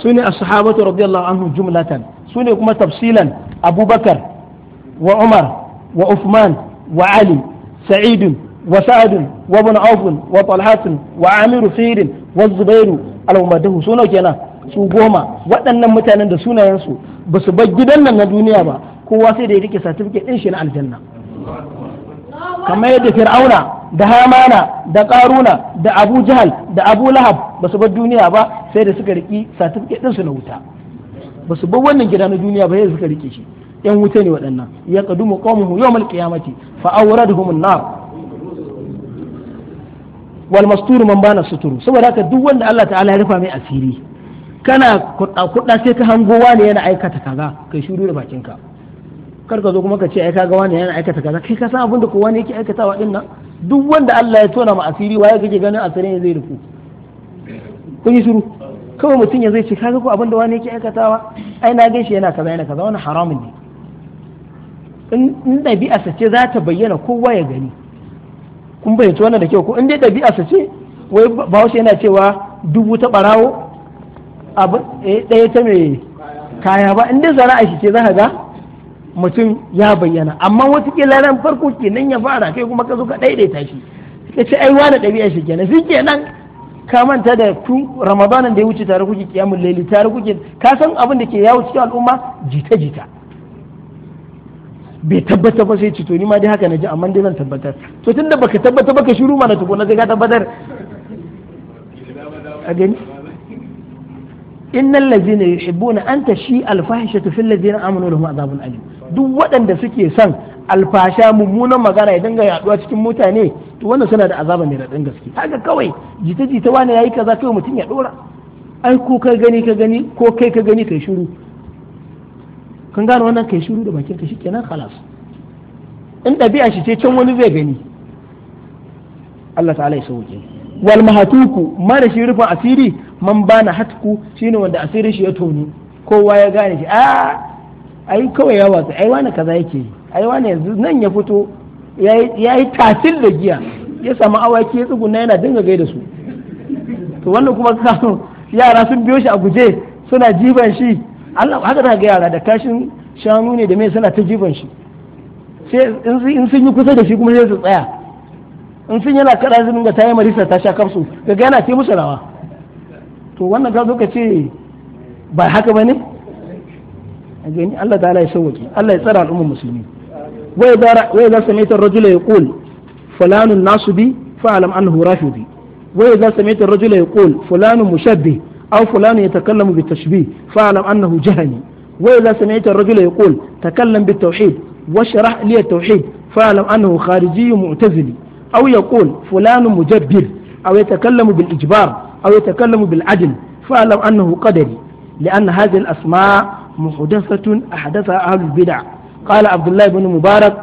su ne ashabatu radiyallahu anhu jumlatan su ne kuma tafsilan abubakar wa umar wa uthman wa ali sa'id wa sa'd wa ibn auf wa talhat wa amir firin wa zubair al-umadahu su kenan su goma waɗannan mutanen da sunayensu ba su bar gidan nan na duniya ba kowa sai da ya rike satifiket ɗin shi na aljanna kamar yadda fir'auna da hamana da karuna da abu jahal da abu lahab ba su bar duniya ba sai da suka riki satifiket su na wuta ba su bar wannan gida na duniya ba sai suka rike shi yan wuta ne waɗannan ya kadumu qaumuhu yawmal qiyamati fa awradhum an-nar wal masturu man bana suturu saboda haka duk wanda Allah ta'ala ya rufa mai asiri kana kuɗa kuɗa sai ka hango wani yana aikata kaza kai shiru da bakinka kar ka zo kuma ka ce ai kaga wani yana aikata kaza kai ka san abin da ko wani yake aikatawa wa dinnan duk wanda Allah ya tona ma asiri waye kake ganin asirin zai rufu kun yi shiru kawai mutum ya zai ce kaga ko abin da wani yake aikatawa ai na gaishe yana kaza yana kaza wani haramun ne in sa ce za ta bayyana kowa ya gani kun bayyanci wannan da kyau ko in dai sa ce wai bahaushe yana cewa dubu ta barawo Eh, ta mai kaya ba inda sana'a shi ce za ka ga mutum ya bayyana amma watakila ran farko kenan ya fara kai kuma ka zo ka ɗaiɗaita shi ka ce ai wani ɗabi'a shi kenan shi kenan ka manta da ku ramadanan da ya wuce tare kuke kiyamun laili tare kuke ka san abin da ke yawo cikin al'umma jita jita bai tabbata ba sai cito ni ma dai haka na ji amma dai zan tabbatar to tunda baka tabbata baka shiru mana tukuna sai ka tabbatar a gani innal ladzina yuhibbuna an tashi alfahishatu fil ladzina amanu lahum adhabun alim duk waɗanda suke son alfasha mummunan magana ya dinga yaduwa cikin mutane to wannan suna da azaba mai radin gaske haka kawai jita jita wani yayi kaza kai mutum ya dora ai ko ka gani ka gani ko kai ka gani kai shiru kan gane wannan kai shiru da bakin ka shikenan khalas in ɗabi'a shi ce can wani zai gani Allah ta'ala ya sauke wal mahatuku mara shi rufin asiri man bana hatku shine wanda asirin shi ya toni kowa ya gane shi a ai kawai ya watsa ai wani kaza yake yi ai wani yanzu nan ya fito ya yi tasir da giya ya samu awaki ya tsuguna yana dinga gaida su to wannan kuma kano yara sun biyo shi a guje suna jiban shi Allah haka za ga yara da kashin shanu ne da mai suna ta jiban shi sai in sun yi kusa da shi kuma sai su tsaya in sun yana kada su ga ta yi marisa ta sha kafsu kaga yana ce musu rawa to wannan ka zo ka ce ba haka ba ne a gani Allah ta'ala ya sauwaki Allah ya tsara al'ummar musulmi wai za samaita rajula ya qul fulanun nasu bi fa'alam annahu rafidi wai za samaita rajula ya qul fulanun mushabbih aw fulanun yatakallamu bi tashbih fa'alam annahu jahani وإذا سمعت الرجل يقول تكلم بالتوحيد واشرح لي التوحيد فاعلم أنه خارجي معتزلي أو يقول فلان مجبر أو يتكلم بالإجبار أو يتكلم بالعدل فاعلم أنه قدري لأن هذه الأسماء محدثة أحدثها أهل البدع قال عبد الله بن مبارك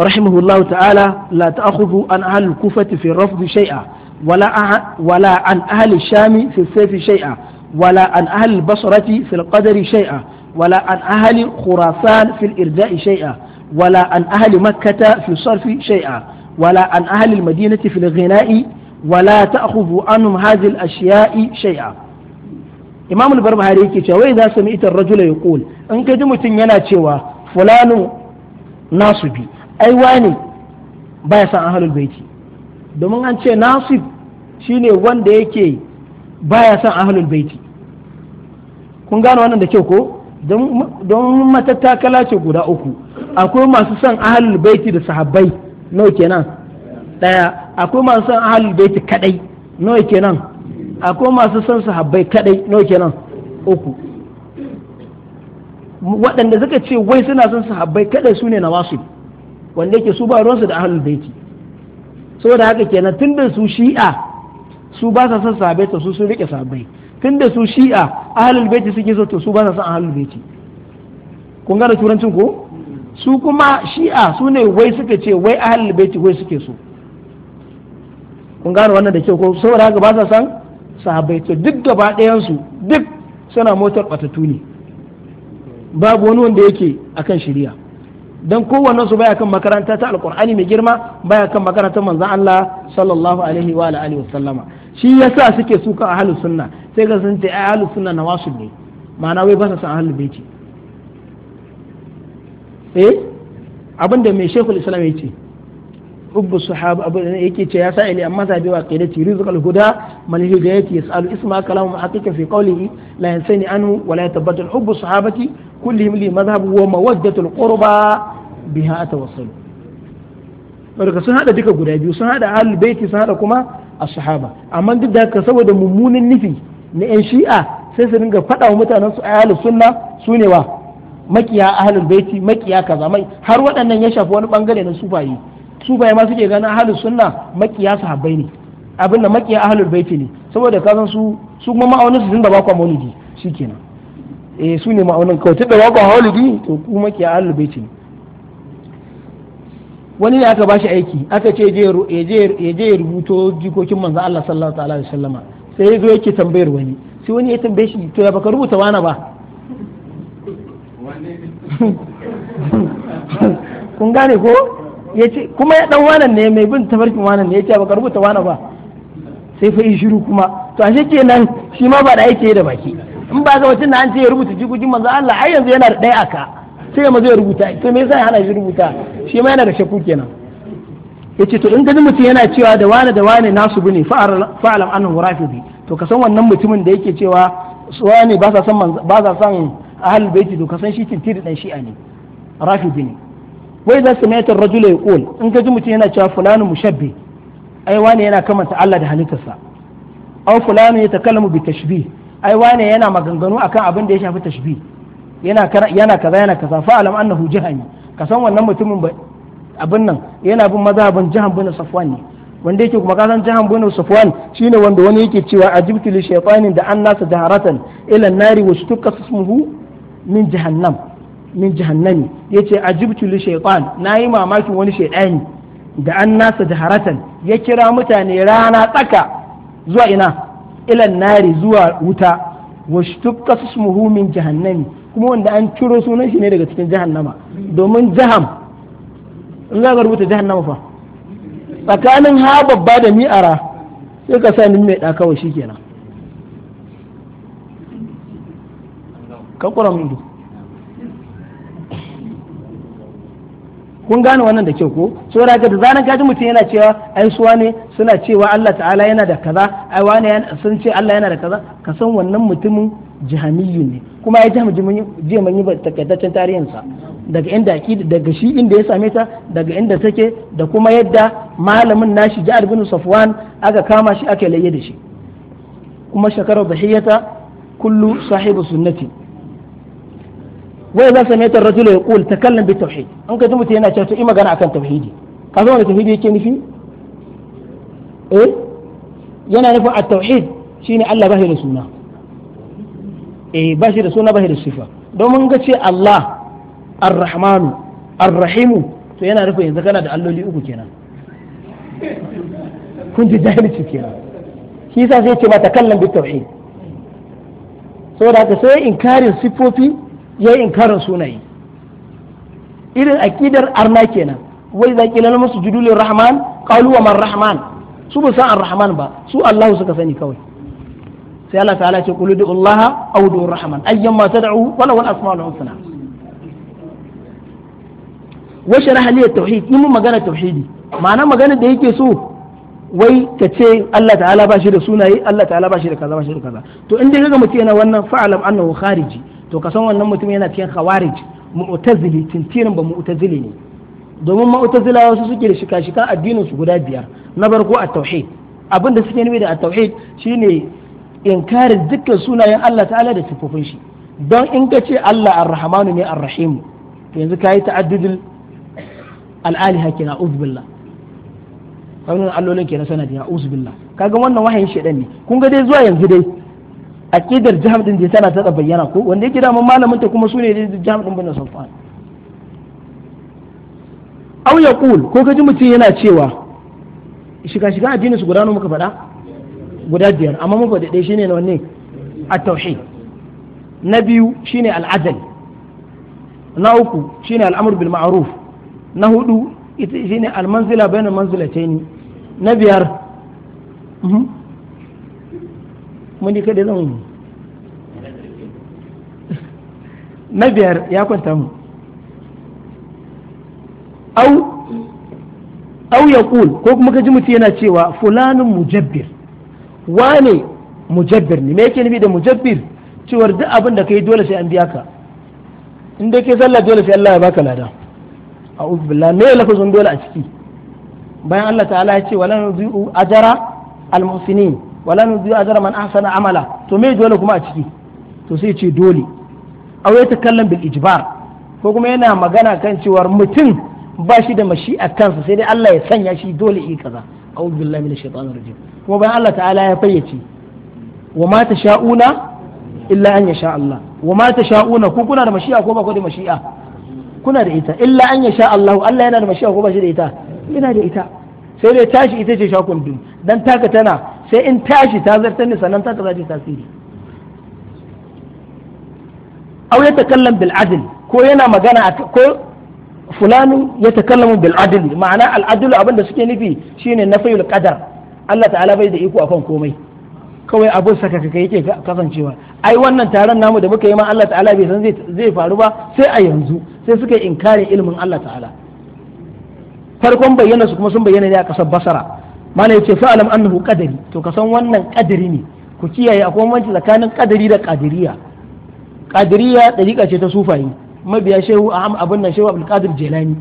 رحمه الله تعالى لا تأخذوا عن أهل الكوفة في الرفض شيئا ولا ولا عن أهل الشام في السيف شيئا ولا عن أهل البصرة في القدر شيئا ولا عن أهل خراسان في الإرجاء شيئا ولا عن أهل مكة في الصرف شيئا ولا عن أهل المدينة في الغناء ولا تأخذوا عنهم هذه الأشياء شيئا إمام البربهاري يكي cewa وإذا سمعت الرجل يقول إن كدي متين yana cewa fulanu nasubi ai wani ya san ahlul baiti domin an ce nasib shine wanda yake ya san ahlul baiti kun gano wannan da kyau ko don matattakala ce guda uku akwai masu san ahlul baiti da sahabbai nau kenan ɗaya akwai masu son ahalul baiti kadai nawa kenan akwai masu son sahabbai kadai nawa kenan uku waɗanda suka ce wai suna son habbai kadai su ne na wasu wanda yake su ba ruwansu da ahalul baiti saboda haka kenan tun da su shi'a su ba sa son sahabbai ta su sun rike sahabbai tun da su shi'a ahalul baiti suke so to su ba sa son ahalul baiti kun gane turancin ko su kuma shi'a su ne wai suka ce wai ahalul baiti wai suke so kun gane wannan da kyau ko saboda haka ba sa san sahabbai to duk gaba ɗayansu duk suna motar batatu ne babu wani wanda yake akan shari'a dan kowanne su baya kan makaranta ta alqur'ani mai girma baya kan makarantar manzon Allah sallallahu alaihi wa alihi wa sallama shi yasa suke suka ahlus sunna sai ga sun ce ahlus sunna nawasul ne ma'ana wai ba sa san ahlul baiti eh abinda mai shekul islam ya ce hubbu sahaba abu yake ce ya sa ili amma zabi wa qidati rizqal huda mal hidayati yasalu isma kalamu haqiqa fi qawlihi la yansani anhu wa la yatabaddal hubbu sahabati kullihim li madhhabu wa mawaddatul qurba biha atawassalu sun hada duka guda biyu sun hada ahlul baiti sun hada kuma a sahaba amma duk da haka saboda mummunan nufi na yan shi'a sai su dinga faɗa wa mutanen su ahlus sunna sune wa makiya ahlul baiti makiya kaza mai har waɗannan ya shafi wani bangare na sufayi su bai ma suke ganin ahlus sunna makiya sahabbai ne abinda makiya ahlul baiti ne saboda ka san su su kuma ma'aunin su sun da bakwa maulidi shikenan eh su ne ma'aunin kawai tunda bakwa maulidi to ku makiya ahlul baiti ne wani ne aka bashi aiki aka ce ya je ya rubuto jikokin manzo Allah sallallahu ta'ala alaihi wasallama sai ya zo yake tambayar wani sai wani ya tambaye shi to ya baka rubuta wani ba [LAUGHS] kun gane ko ya ce kuma ya dan wanan ne mai bin tafarkin wanan ne ya ce baka rubuta wanan ba sai fa yi shiru kuma to ashe kenan shi ma ba da yake da baki in ba ga mutum na an ce ya rubuta jigugin manzo Allah ai yanzu yana da ɗaya aka sai ya mazo ya rubuta to me yasa ya hana shi rubuta shi ma yana da shakku kenan ce to in gani mutum yana cewa da wane da wane nasu ne fa'alam annahu rafidi to ka san wannan mutumin da yake cewa wane ba sa san ba sa san ahlul baiti to ka san shi tintiri dan shi'a ne rafidi ne wai za su mai ta ya ƙul in ka ji mutum yana cewa fulani mushabbi ai yana kamanta Allah da halittarsa aw fulani ya takallamu bi tashbih ai wane yana maganganu akan abin da ya shafi tashbih yana yana kaza yana kaza fa alam annahu jahani ka wannan mutumin abin nan yana bin mazhabin jahan bin safwan ne wanda yake kuma kasan jahan bin safwan shine wanda wani yake cewa ajibtu li shaytanin da annasa jaharatan ila nari wa shtukka ismuhu min jahannam min jahannami yace ajibtu li shaytan nayi mamakin wani shaydani da an nasa jaharatan ya kira mutane rana tsaka zuwa ina ilan nari zuwa wuta wa shtukka min jahannami kuma wanda an ciro sunan shi ne daga cikin jahannama domin jaham in za ka rubuta jahannama fa tsakanin ha babba da mi'ara sai ka sa mai da kawai shikenan ka kura min duk kun gane wannan da kyau ko saboda ga da zaran kaji mutum yana cewa ai suwa ne suna cewa Allah ta'ala yana da kaza ai wani sun ce Allah yana da kaza ka san wannan mutumin jahamiyyu ne kuma ya jami jiya ba yi takaitaccen sa daga inda daga shi inda ya same ta daga inda take da kuma yadda malamin nashi Ja'ar bin Safwan aka kama shi aka laye da shi kuma shakarar dhiyata kullu sahibu sunnati wai za sami ta rajula ya kul takallam bi tauhid an ka mutum yana cewa to yi magana akan tauhidi ka zo da tauhidi yake nufi eh yana nufin at-tauhid shine Allah da suna eh ba da suna da sifa domin ga ce Allah ar-rahmanu ar-rahimu to yana nufin yanzu kana da alloli uku kenan kun ji jahilci kenan shi yasa sai ce ma takallam bi tauhid saboda in sai inkarin sifofi ya yi inkarin sunayi irin akidar arna kenan wai za ƙila musu judulin rahman kawai wa rahman su ba san rahman ba su allahu suka sani kawai sai Allah ta'ala ce da allaha aw du'ur rahman ayyan ma tad'u wala wal asma'ul husna wa sharah li tauhid in magana tauhidi ma'ana magana da yake so wai ka ce Allah ta'ala ba shi da sunaye Allah ta'ala ba shi da kaza ba shi da kaza to in dai kaga mutum yana wannan fa'alam annahu khariji to ka san wannan mutum yana cikin khawarij mu'tazili tintirin ba mu'tazili ne domin mu'tazila wasu suke da shika shikan addinin su guda biyar na farko a tauhid abin da suke nufi da at-tauhid shine inkarin dukkan sunayen Allah ta'ala da sifofin shi don in ka ce Allah ar-rahmanu ne ar-rahim to yanzu kai ta'addudul al-aliha kina uzbillah kawai allolin kenan sanadi ya uzbillah kaga wannan wahayin shedan ne kun ga dai zuwa yanzu dai aqidar jihar din da tana ta bayyana ko wanda yake da malamin ta kuma sune da jihar din bin sulfan aw yaqul ko kaji mutum yana cewa shiga shiga addinin su guda muka faɗa guda biyar amma mun faɗi ɗaya shine wanne at-tauhid na biyu shine al-adl na uku shine al-amr bil ma'ruf na hudu shine al-manzila bainal manzilataini na biyar mhm. kuma ni kada zan na biyar ya kwanta mu au au ya ƙul ko kuma ka ji mutum yana cewa fulanin mujabbir wane mujabbir ne me yake nufi da mujabbir cewar duk abin da kai dole sai an biya ka in dai kai sallah dole sai Allah ya baka lada a'udhu billahi me lafazin dole a ciki bayan Allah ta'ala ya ce walan yuzu ajara al-muhsinin wala nu biyu ajra man ahsana amala to me dole kuma a ciki to sai ce dole aw ya takallam bil ijbar ko kuma yana magana kan cewar mutum ba shi da mashi a kansa sai dai Allah ya sanya shi dole yi kaza a'udhu billahi minash shaitanir rajim kuma bayan Allah ta'ala ya fayyace wa ma tasha'una illa an yasha Allah wa ma tasha'una ku kuna da mashi'a ko ba ku da mashi'a kuna da ita illa an yasha Allah Allah yana da mashi'a ko ba shi da ita yana da ita sai dai tashi ita ce shakun dun dan taka tana sai in tashi ta zartar ne sannan ta za ta tasiri aw ya takallam bil ko yana magana ko fulani ya takallamu bil adl ma'ana al adl abin da suke nufi shine nafiyul qadar Allah ta'ala bai da iko akan komai kawai abin saka kaka yake kasancewa ai wannan taron namu da muka yi ma Allah ta'ala bai san zai faru ba sai a yanzu sai suka yi inkarin ilimin Allah ta'ala farkon bayyana su kuma sun bayyana ne a kasar basara mana yace fa'alam annahu qadari to ka san wannan qadari ne ku kiyaye akwai wanci tsakanin qadari da qadiriya qadiriya dariƙa ce ta sufayi mabiya shehu aham abin nan shehu abdul qadir jilani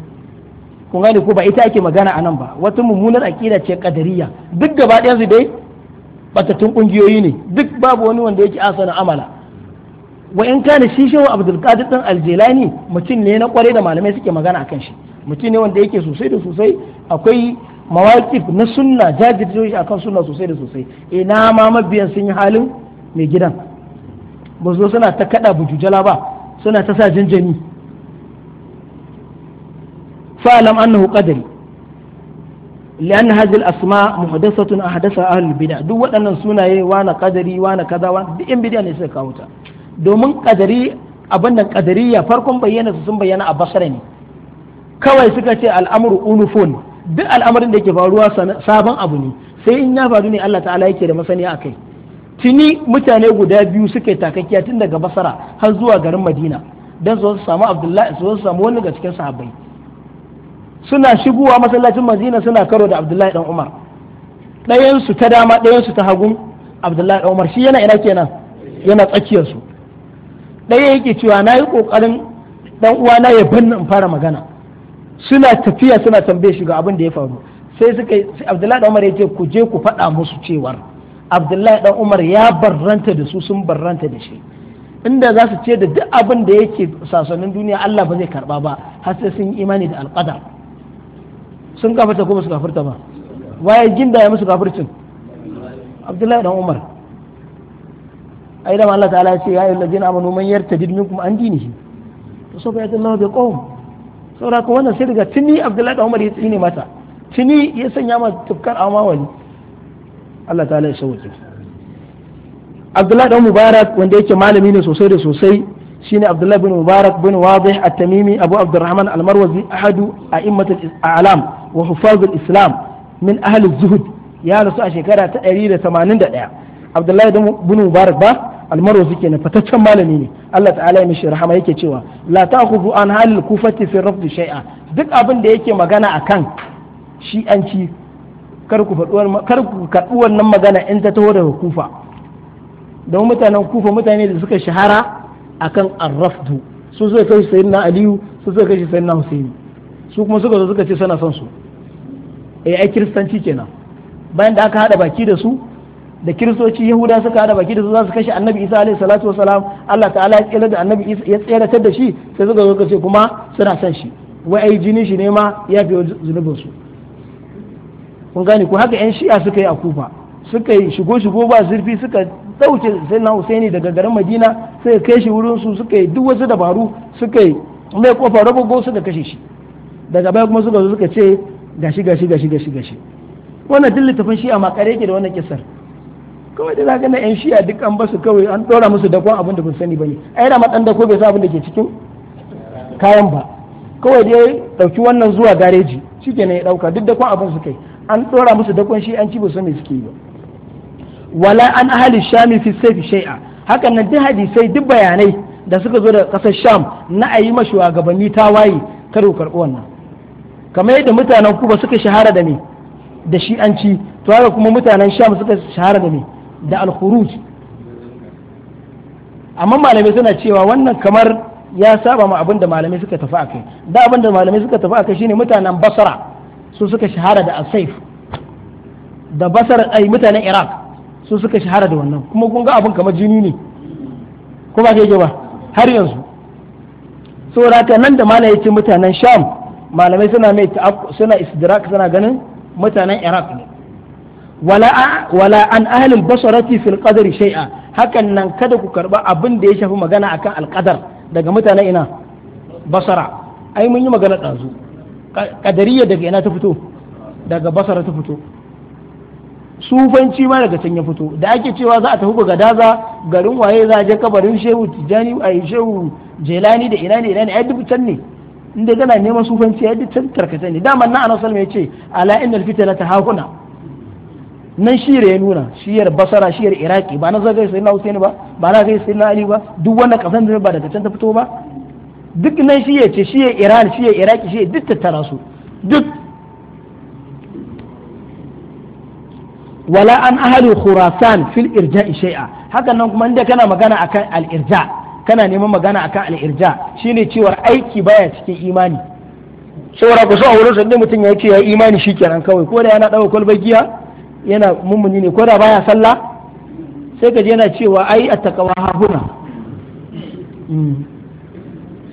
kun gane ko ba ita ake magana anan ba wata mummunar aqida ce qadariya duk gaba ɗayan su dai batattun kungiyoyi ne duk babu wani wanda yake asana amala wa in kana shi shehu abdul qadir din aljilani mutum ne na kware da malamai suke magana akan shi mutum ne wanda yake sosai da sosai akwai mawaƙif na sunna jajirjoyi a kan suna sosai da sosai ina ma mabiyan sun yi halin mai gidan ba zo suna ta kaɗa bujujala ba suna ta sa jinjani fa'alam annahu qadari lianna asma muhdathatun ahdatha ahlul bid'ah duk waɗannan sunaye wana qadari wana kaza wa duk in bid'a ne sai kawo ta domin qadari abin da ya farkon bayyana sun bayyana a basra ne kawai suka ce al-amru duk al'amarin da ke faruwa sabon abu ne sai in ya faru ne Allah ta'ala yake da masaniya kai tuni mutane guda biyu suka yi takakkiya tun daga basara har zuwa garin madina don su samu abdullahi su samu wani ga cikin sahabbai suna shigowa masallacin madina suna karo da abdullahi dan umar ɗayan ta dama ɗayansu ta hagu abdullahi dan umar shi yana ina kenan yana tsakiyar su ɗaya yake cewa na yi ƙoƙarin dan uwana ya banna in fara magana suna tafiya suna tambaye shi ga abin da ya faru sai suka yi Abdullahi Umar ya ce ku je ku faɗa musu cewar Abdullahi dan Umar ya barranta da su sun barranta da shi inda za su ce da duk abin da yake sasannin duniya Allah ba zai karba ba har sai sun yi imani da alƙada sun kafarta ko musu su kafarta ba waye jin da ya musu kafircin Abdullahi dan Umar ai da Allah ta'ala ya ce ya yi ayyuhallazina amanu man yartadid kuma an dini shi to so fa bai biqawm saboda ko wannan sai daga tuni abdullahi umar ya tsine mata tuni ya sanya mata tufkar amawali Allah ta'ala ya sauke Abdullahi dan Mubarak wanda yake malami ne sosai da sosai shine Abdullahi bin Mubarak bin Wadih At-Tamimi Abu Abdurrahman Al-Marwazi ahadu a'immat al-alam wa hufaz islam min ahli az-zuhd ya rasu a shekara ta 181 Abdullahi bin Mubarak ba suke na fataccen malami ne Allah ta'ala ya mishi rahama yake cewa la ta'khudhu an halil kufati fi rafd shay'a duk abin da yake magana akan ci kar ku faduwar kar ku kadu wannan magana in ta taho daga kufa don mutanen kufa mutane da suka shahara akan arrafdu su suka kai sayyidina aliyu su suka kai sayyidina husaini su kuma suka zo suka ce suna son su eh ai kiristanci kenan bayan da aka hada baki da su da kiristoci yahuda suka hada baki da su za su kashe annabi isa alaihi salatu wa salam Allah ta'ala ya tsira da annabi isa ya tseratar da shi sai suka zo kace kuma suna san shi wai ai jini shi ne ma ya fi zunubin su kun gane ku haka yan shi'a suka yi a kufa suka yi shigo shigo ba zurfi suka dauke sayyidina husaini daga garin madina sai kai shi wurin su suka yi duk wasu dabaru suka yi mai kofa go suka kashe shi daga baya kuma suka zo suka ce gashi gashi gashi gashi gashi wannan duk littafin shi'a ma kare yake da wannan kisar kawai da zaka na yan shiya duk an basu kawai an dora musu dakon abin da kun sani bane ai da madan dako bai sa abin da ke cikin kayan ba kawai dai dauki wannan zuwa gareji na ya dauka duk dakon abin su kai an dora musu dakon shi an ci ba su me suke ba wala an ahli shami fi sayfi shay'a hakan nan duk hadisai duk bayanai da suka zo da kasar sham na ayi ma shugabanni tawaye ku karɓi wannan kamar yadda mutanen kuba suka shahara da me da shi an ci, to haka kuma mutanen sham suka shahara da me da al amma malamai suna cewa wannan kamar ya saba ma abinda malamai suka tafi a kai da abinda malamai suka tafi a kai shine mutanen basra su suka shahara da asaif da basar ai mutanen iraq su suka shahara da wannan kuma kun ga abin kamar jini ne ko ba ke ba har yanzu So saboda nan da malamai ce mutanen sham malamai suna mai suna istidrak suna ganin mutanen iraq ne wala an ahlil basarati fil qadari shay'a hakan nan kada ku karba abin da ya shafi magana akan alqadar daga mutanen ina basara ai mun yi magana ɗazu ƙadariya daga ina ta fito daga basara ta fito sufanci ma daga can ya fito da ake cewa za a tafi ga daza garin waye za je kabarin shehu tijani a shehu jelani da ina ne ina ne ai duk can ne inda kana neman sufanci ai duk can tarkace ne dama na annabi sallallahu alaihi wasallam yace ala innal fitna tahakuna nan shiyar ya nuna shiyar basara shiyar iraki ba na zagaye na Hussein ba ba na zagaye na ali ba duk wanda kasan da ba daga can ta fito ba duk nan shiyar ce shiyar iran shiyar iraki shiyar duk tattara su duk wala an ahalu khurasan fil irja'i shay'a hakan nan kuma inda kana magana akan al irja kana neman magana akan al irja shine cewar aiki baya cikin imani saboda ku so a wurin sanda mutum ya ce ya imani shikenan kawai ko da yana dawo kwalbar giya yana mummuni ne ko da baya sallah sai ka je yana cewa ai a takawa hahuna mm.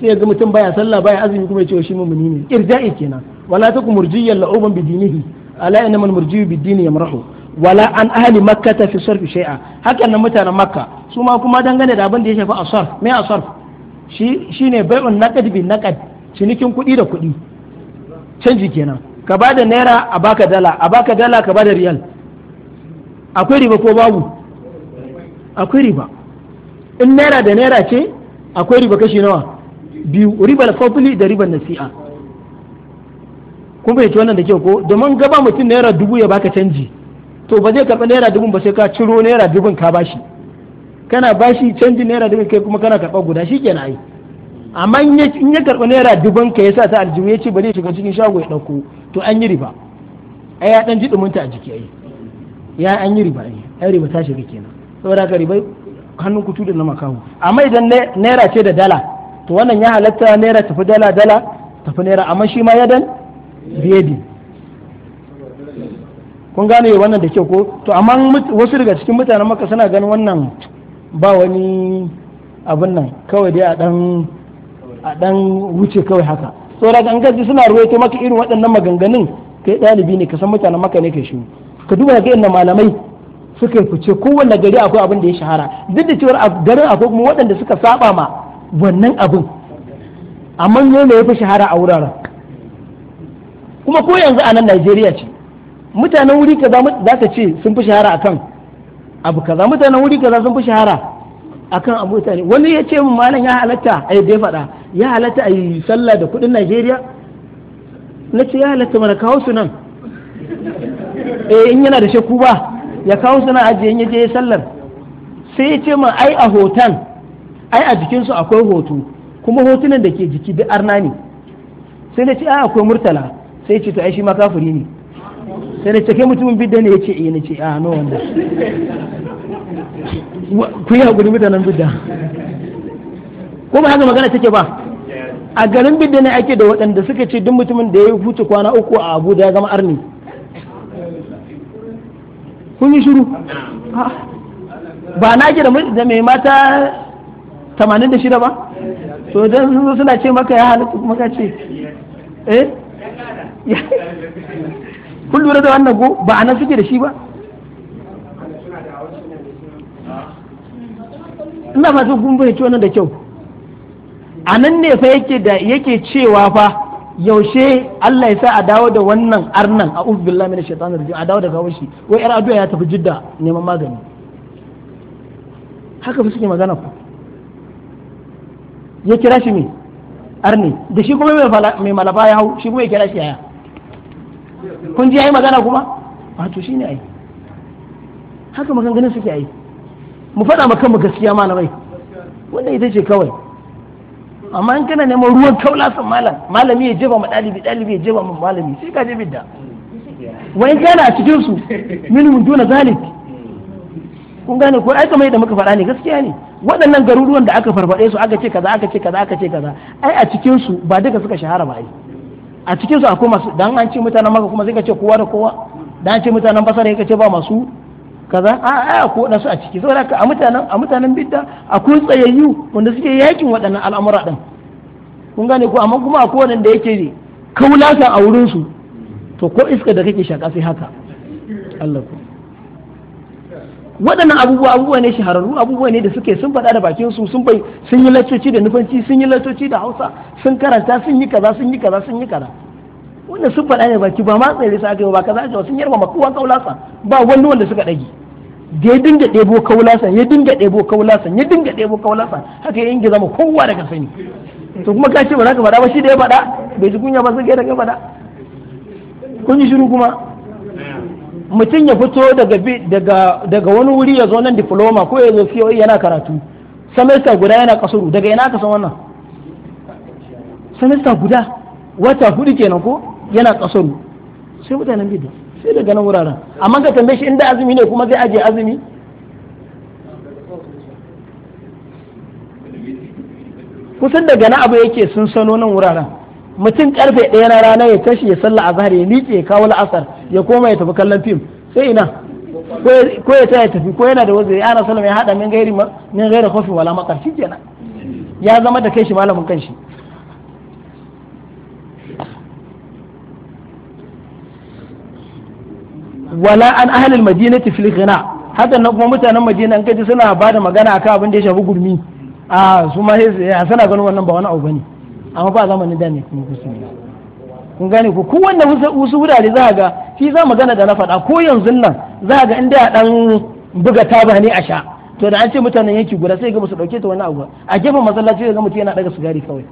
sai ga mutum baya sallah baya azumi kuma ya ce shi mummuni ne irja'i kenan wala takum murjiyyan la'uban bi dinihi ala man murjiyu bi dini yamrahu wala an ahli ta fi sarfi shay'a hakan nan mutanen makka su ma kuma dangane da abin da ya shafi asarf me asarf shi shine bai'un naqd bi naqd cinikin kuɗi da kuɗi canji kenan ka bada naira a baka dala a baka dala ka bada riyal akwai riba ko babu akwai riba in naira da naira ce akwai riba kashi nawa biyu riba al-fadli da riba nasi'a kun fahimci wannan da kyau ko domin gaba mutum naira dubu ya baka canji to ba zai karɓi naira dubu ba sai ka ciro naira dubun ka bashi kana bashi canji naira dubun kai kuma kana karɓa guda shi kenan ai amma in ya karɓi naira dubun ka yasa ta aljihu ya ce ba zai shiga cikin shago ya ɗauko to an yi riba ai ya ɗan ji ɗuminta a jiki ai ya an yi riba ne ya riba tashi shiga kenan saboda haka riba hannun kutu da na makaho amma idan naira ce da dala to wannan ya halatta naira tafi dala dala tafi naira amma shi ma yadan biyadi kun gane wannan da kyau ko to amma wasu daga cikin mutanen maka suna ganin wannan ba wani abin nan kawai dai a dan a dan wuce kawai haka saboda ga an suna ruwaito maka irin waɗannan maganganun kai ɗalibi ne ka san mutanen maka ne kai shi ka duba ga inda malamai suka yi fice kowanne gari akwai abin da ya shahara duk da cewar a garin akwai kuma waɗanda suka saba ma wannan abin amma ne ya fi shahara a wuraren kuma ko yanzu a nan Najeriya ce mutanen wuri kaza za ka ce sun fi shahara akan abu kaza mutanen wuri kaza sun fi shahara akan abu mutane wani ya ce min malam ya halatta a yadda ya faɗa ya halatta a yi sallah da kuɗin Najeriya na ce ya halatta mana kawo su nan eh in yana da shakku ba ya kawo suna ajiye in je sallar sai ya ce ma ai a hoton ai a jikinsu akwai hoto kuma hotunan da ke jiki duk arna ne sai na ce a ah, akwai murtala sai ce to ai shi ma kafuri ne sai na ce kai mutumin bidda ne ya ce eh na ce a ah, no wanda ku yi hakuri mutanen bidda ko ba haka magana take ba a garin bidda ne ake da waɗanda suka ce duk mutumin da ya huce kwana uku a abuja ya zama arni kun yi shiru ah. ba na ki da mai mata tamanin da shida ba to dan suna ce maka ya halittu kuma ka ce eh [LAUGHS] kun lura da wannan go ba anan suke da shi ba ina fata kun bai wannan da kyau a nan ne fa yake da yake cewa fa yaushe Allah ya sa a dawo da wannan arnan a ubi billahi min shaitan rajim a dawo da kawo shi wai yar addu'a ya tafi jidda neman magani haka fi suke magana ku ya kira shi me arni da shi kuma mai malafa ya hau shi kuma ya kira shi yaya kun ji yayi magana kuma a to shine ai haka maganganun suke ai mu faɗa ma kanmu gaskiya malamai wannan ita ce kawai amma in kana neman ruwan sun malam malami ya jeba ma dalibi dalibi ya jeba ma malami sai ka je da wai kana a cikin su mun duna zalik kun gane ko ai kamar yadda muka faɗa ne gaskiya ne waɗannan garuruwan da aka farfaɗe su aka ce kaza aka ce kaza aka ce kaza ai a cikin su ba duka suka shahara ba ai a cikin su akwai masu dan an ce mutanen maka kuma sai ka ce kowa da kowa dan an ce mutanen basara ka ce ba masu kaza a a ko su a ciki saboda haka a mutanen a mutanen bidda akwai tsayayyu wanda suke yakin waɗannan al'amura din kun gane ko amma kuma akwai wanda yake kaulasa a wurin su to ko iska da kake shaka sai haka Allah ku waɗannan abubuwa abubuwa ne shahararru abubuwa ne da suke sun faɗa da bakin su sun bai sun yi laccoci da nufanci sun yi laccoci da Hausa sun karanta sun yi kaza sun yi kaza sun yi kaza wannan sun faɗa ne baki ba ma tsere sa ba kaza aka sun yarba ma kowa kaulasa ba wani wanda suka ɗage da ya dinga ɗebo kaulasa ya dinga ɗebo kaulasa ya dinga ɗebo kaulasa haka ya inge zama kowa daga sani to kuma ka ce ba za ka faɗa ba shi da ya faɗa bai ji kunya ba sai da ka faɗa kun yi shiru kuma mutum ya fito daga daga wani wuri ya zo nan diploma ko ya zo COE yana karatu semester guda yana kasuru daga yana aka san wannan semester guda wata hudu kenan ko yana kasar sai mutanen bid'a sai daga nan wuraren amma ka tambaye shi inda azumi ne kuma zai aje azumi kusan daga na abu yake sun sano nan wuraren mutum karfe ɗaya na rana ya tashi ya salla zahar ya miƙe kawo la'asar ya koma ya tafi kallon fim sai ina ko ya ta ya tafi ko yana da ya ana salama ya haɗa min gairi min wala makar shikenan ya zama da kai shi malamin kanshi wala an ahlul madinati fil ghina hadan nan kuma mutanen madina an kaji suna ba da magana akan abin da ya shafi gurmi a su ma sai sana eh, ganin wannan ba wani abu bane amma ba zamanin da ne kuma musulmi kun gane ko kowanne wasu wurare za ga shi za magana da na faɗa ko yanzu nan za ga inda ya dan buga taba ne a sha to da an ce mutanen yanki guda sai ga musu dauke ta wani abu a gefen masallaci ga mutum yana daga sigari kawai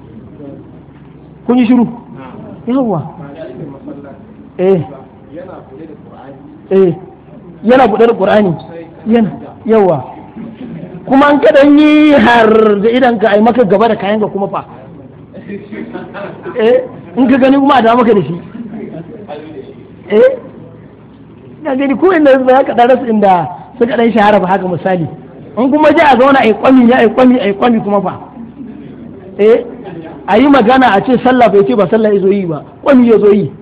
kun yi shiru yawwa eh yana kula da eh yana buɗe ƙur'ani qur'ani yana yawa kuma an kaɗan yi har da idan ka ai maka gaba da kayan ga kuma fa eh in ka gani kuma a da maka da shi eh na gani ko inda ba ka darasu inda suka dan shahara ba haka misali in kuma ji a zauna ai kwami ya ai kwami ai kwami kuma fa eh a yi magana a ce sallah bai ce ba sallah ya zo yi ba kwami ya zo yi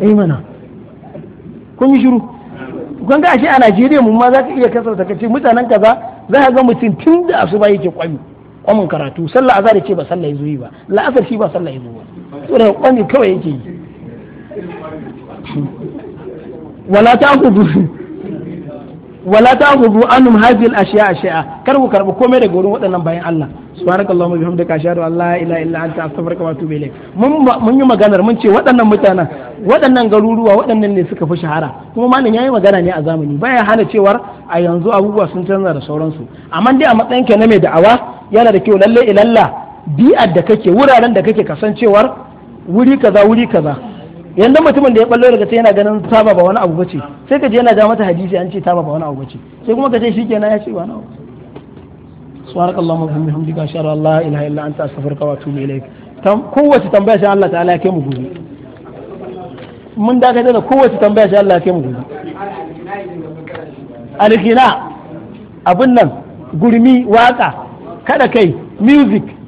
eh mana kun yi shiru kun ga ashe a Najeriya mun ma za ka iya kasar ta kace, mutanen kaza za ka ga mutum tun da asuba yake kwami kwamin karatu sallah azhar ce ba sallah yazo yi ba la'asar shi ba sallah yazo ba da kwami kawai yake yi wala ta'khudhu wala ta'khudhu anhum hadhihi al-ashya'a shay'a kar ku karbi komai daga wurin waɗannan bayan Allah subhanakallahumma bihamdika ashhadu an la ilaha illa anta astaghfiruka wa atubu ilayk mun mun yi maganar mun ce waɗannan mutanen waɗannan garuruwa waɗannan ne suka fi shahara kuma malam yayi magana ne a zamani baya hana cewar a yanzu abubuwa sun canza da sauransu amma dai a matsayin ka na mai da'awa yana da kyau lalle ilalla bi'ar da kake wuraren da kake kasancewar wuri kaza wuri kaza yanzu mutumin da ya ballo daga sai yana ganin taba ba wani abu bace sai ka je yana ja mata hadisi an ce taba ba wani abu bace sai kuma ka ce shikenan ya ce ba na allahumma wa bihamdika ashhadu an la ilaha illa anta astaghfiruka wa atubu ilaik kowace tambaya sai Allah ta'ala ya kai mu gobe mun dakatar da kowace tambaya sai Allah ya kai mu gobe alkhina abin nan gurmi waka kada kai music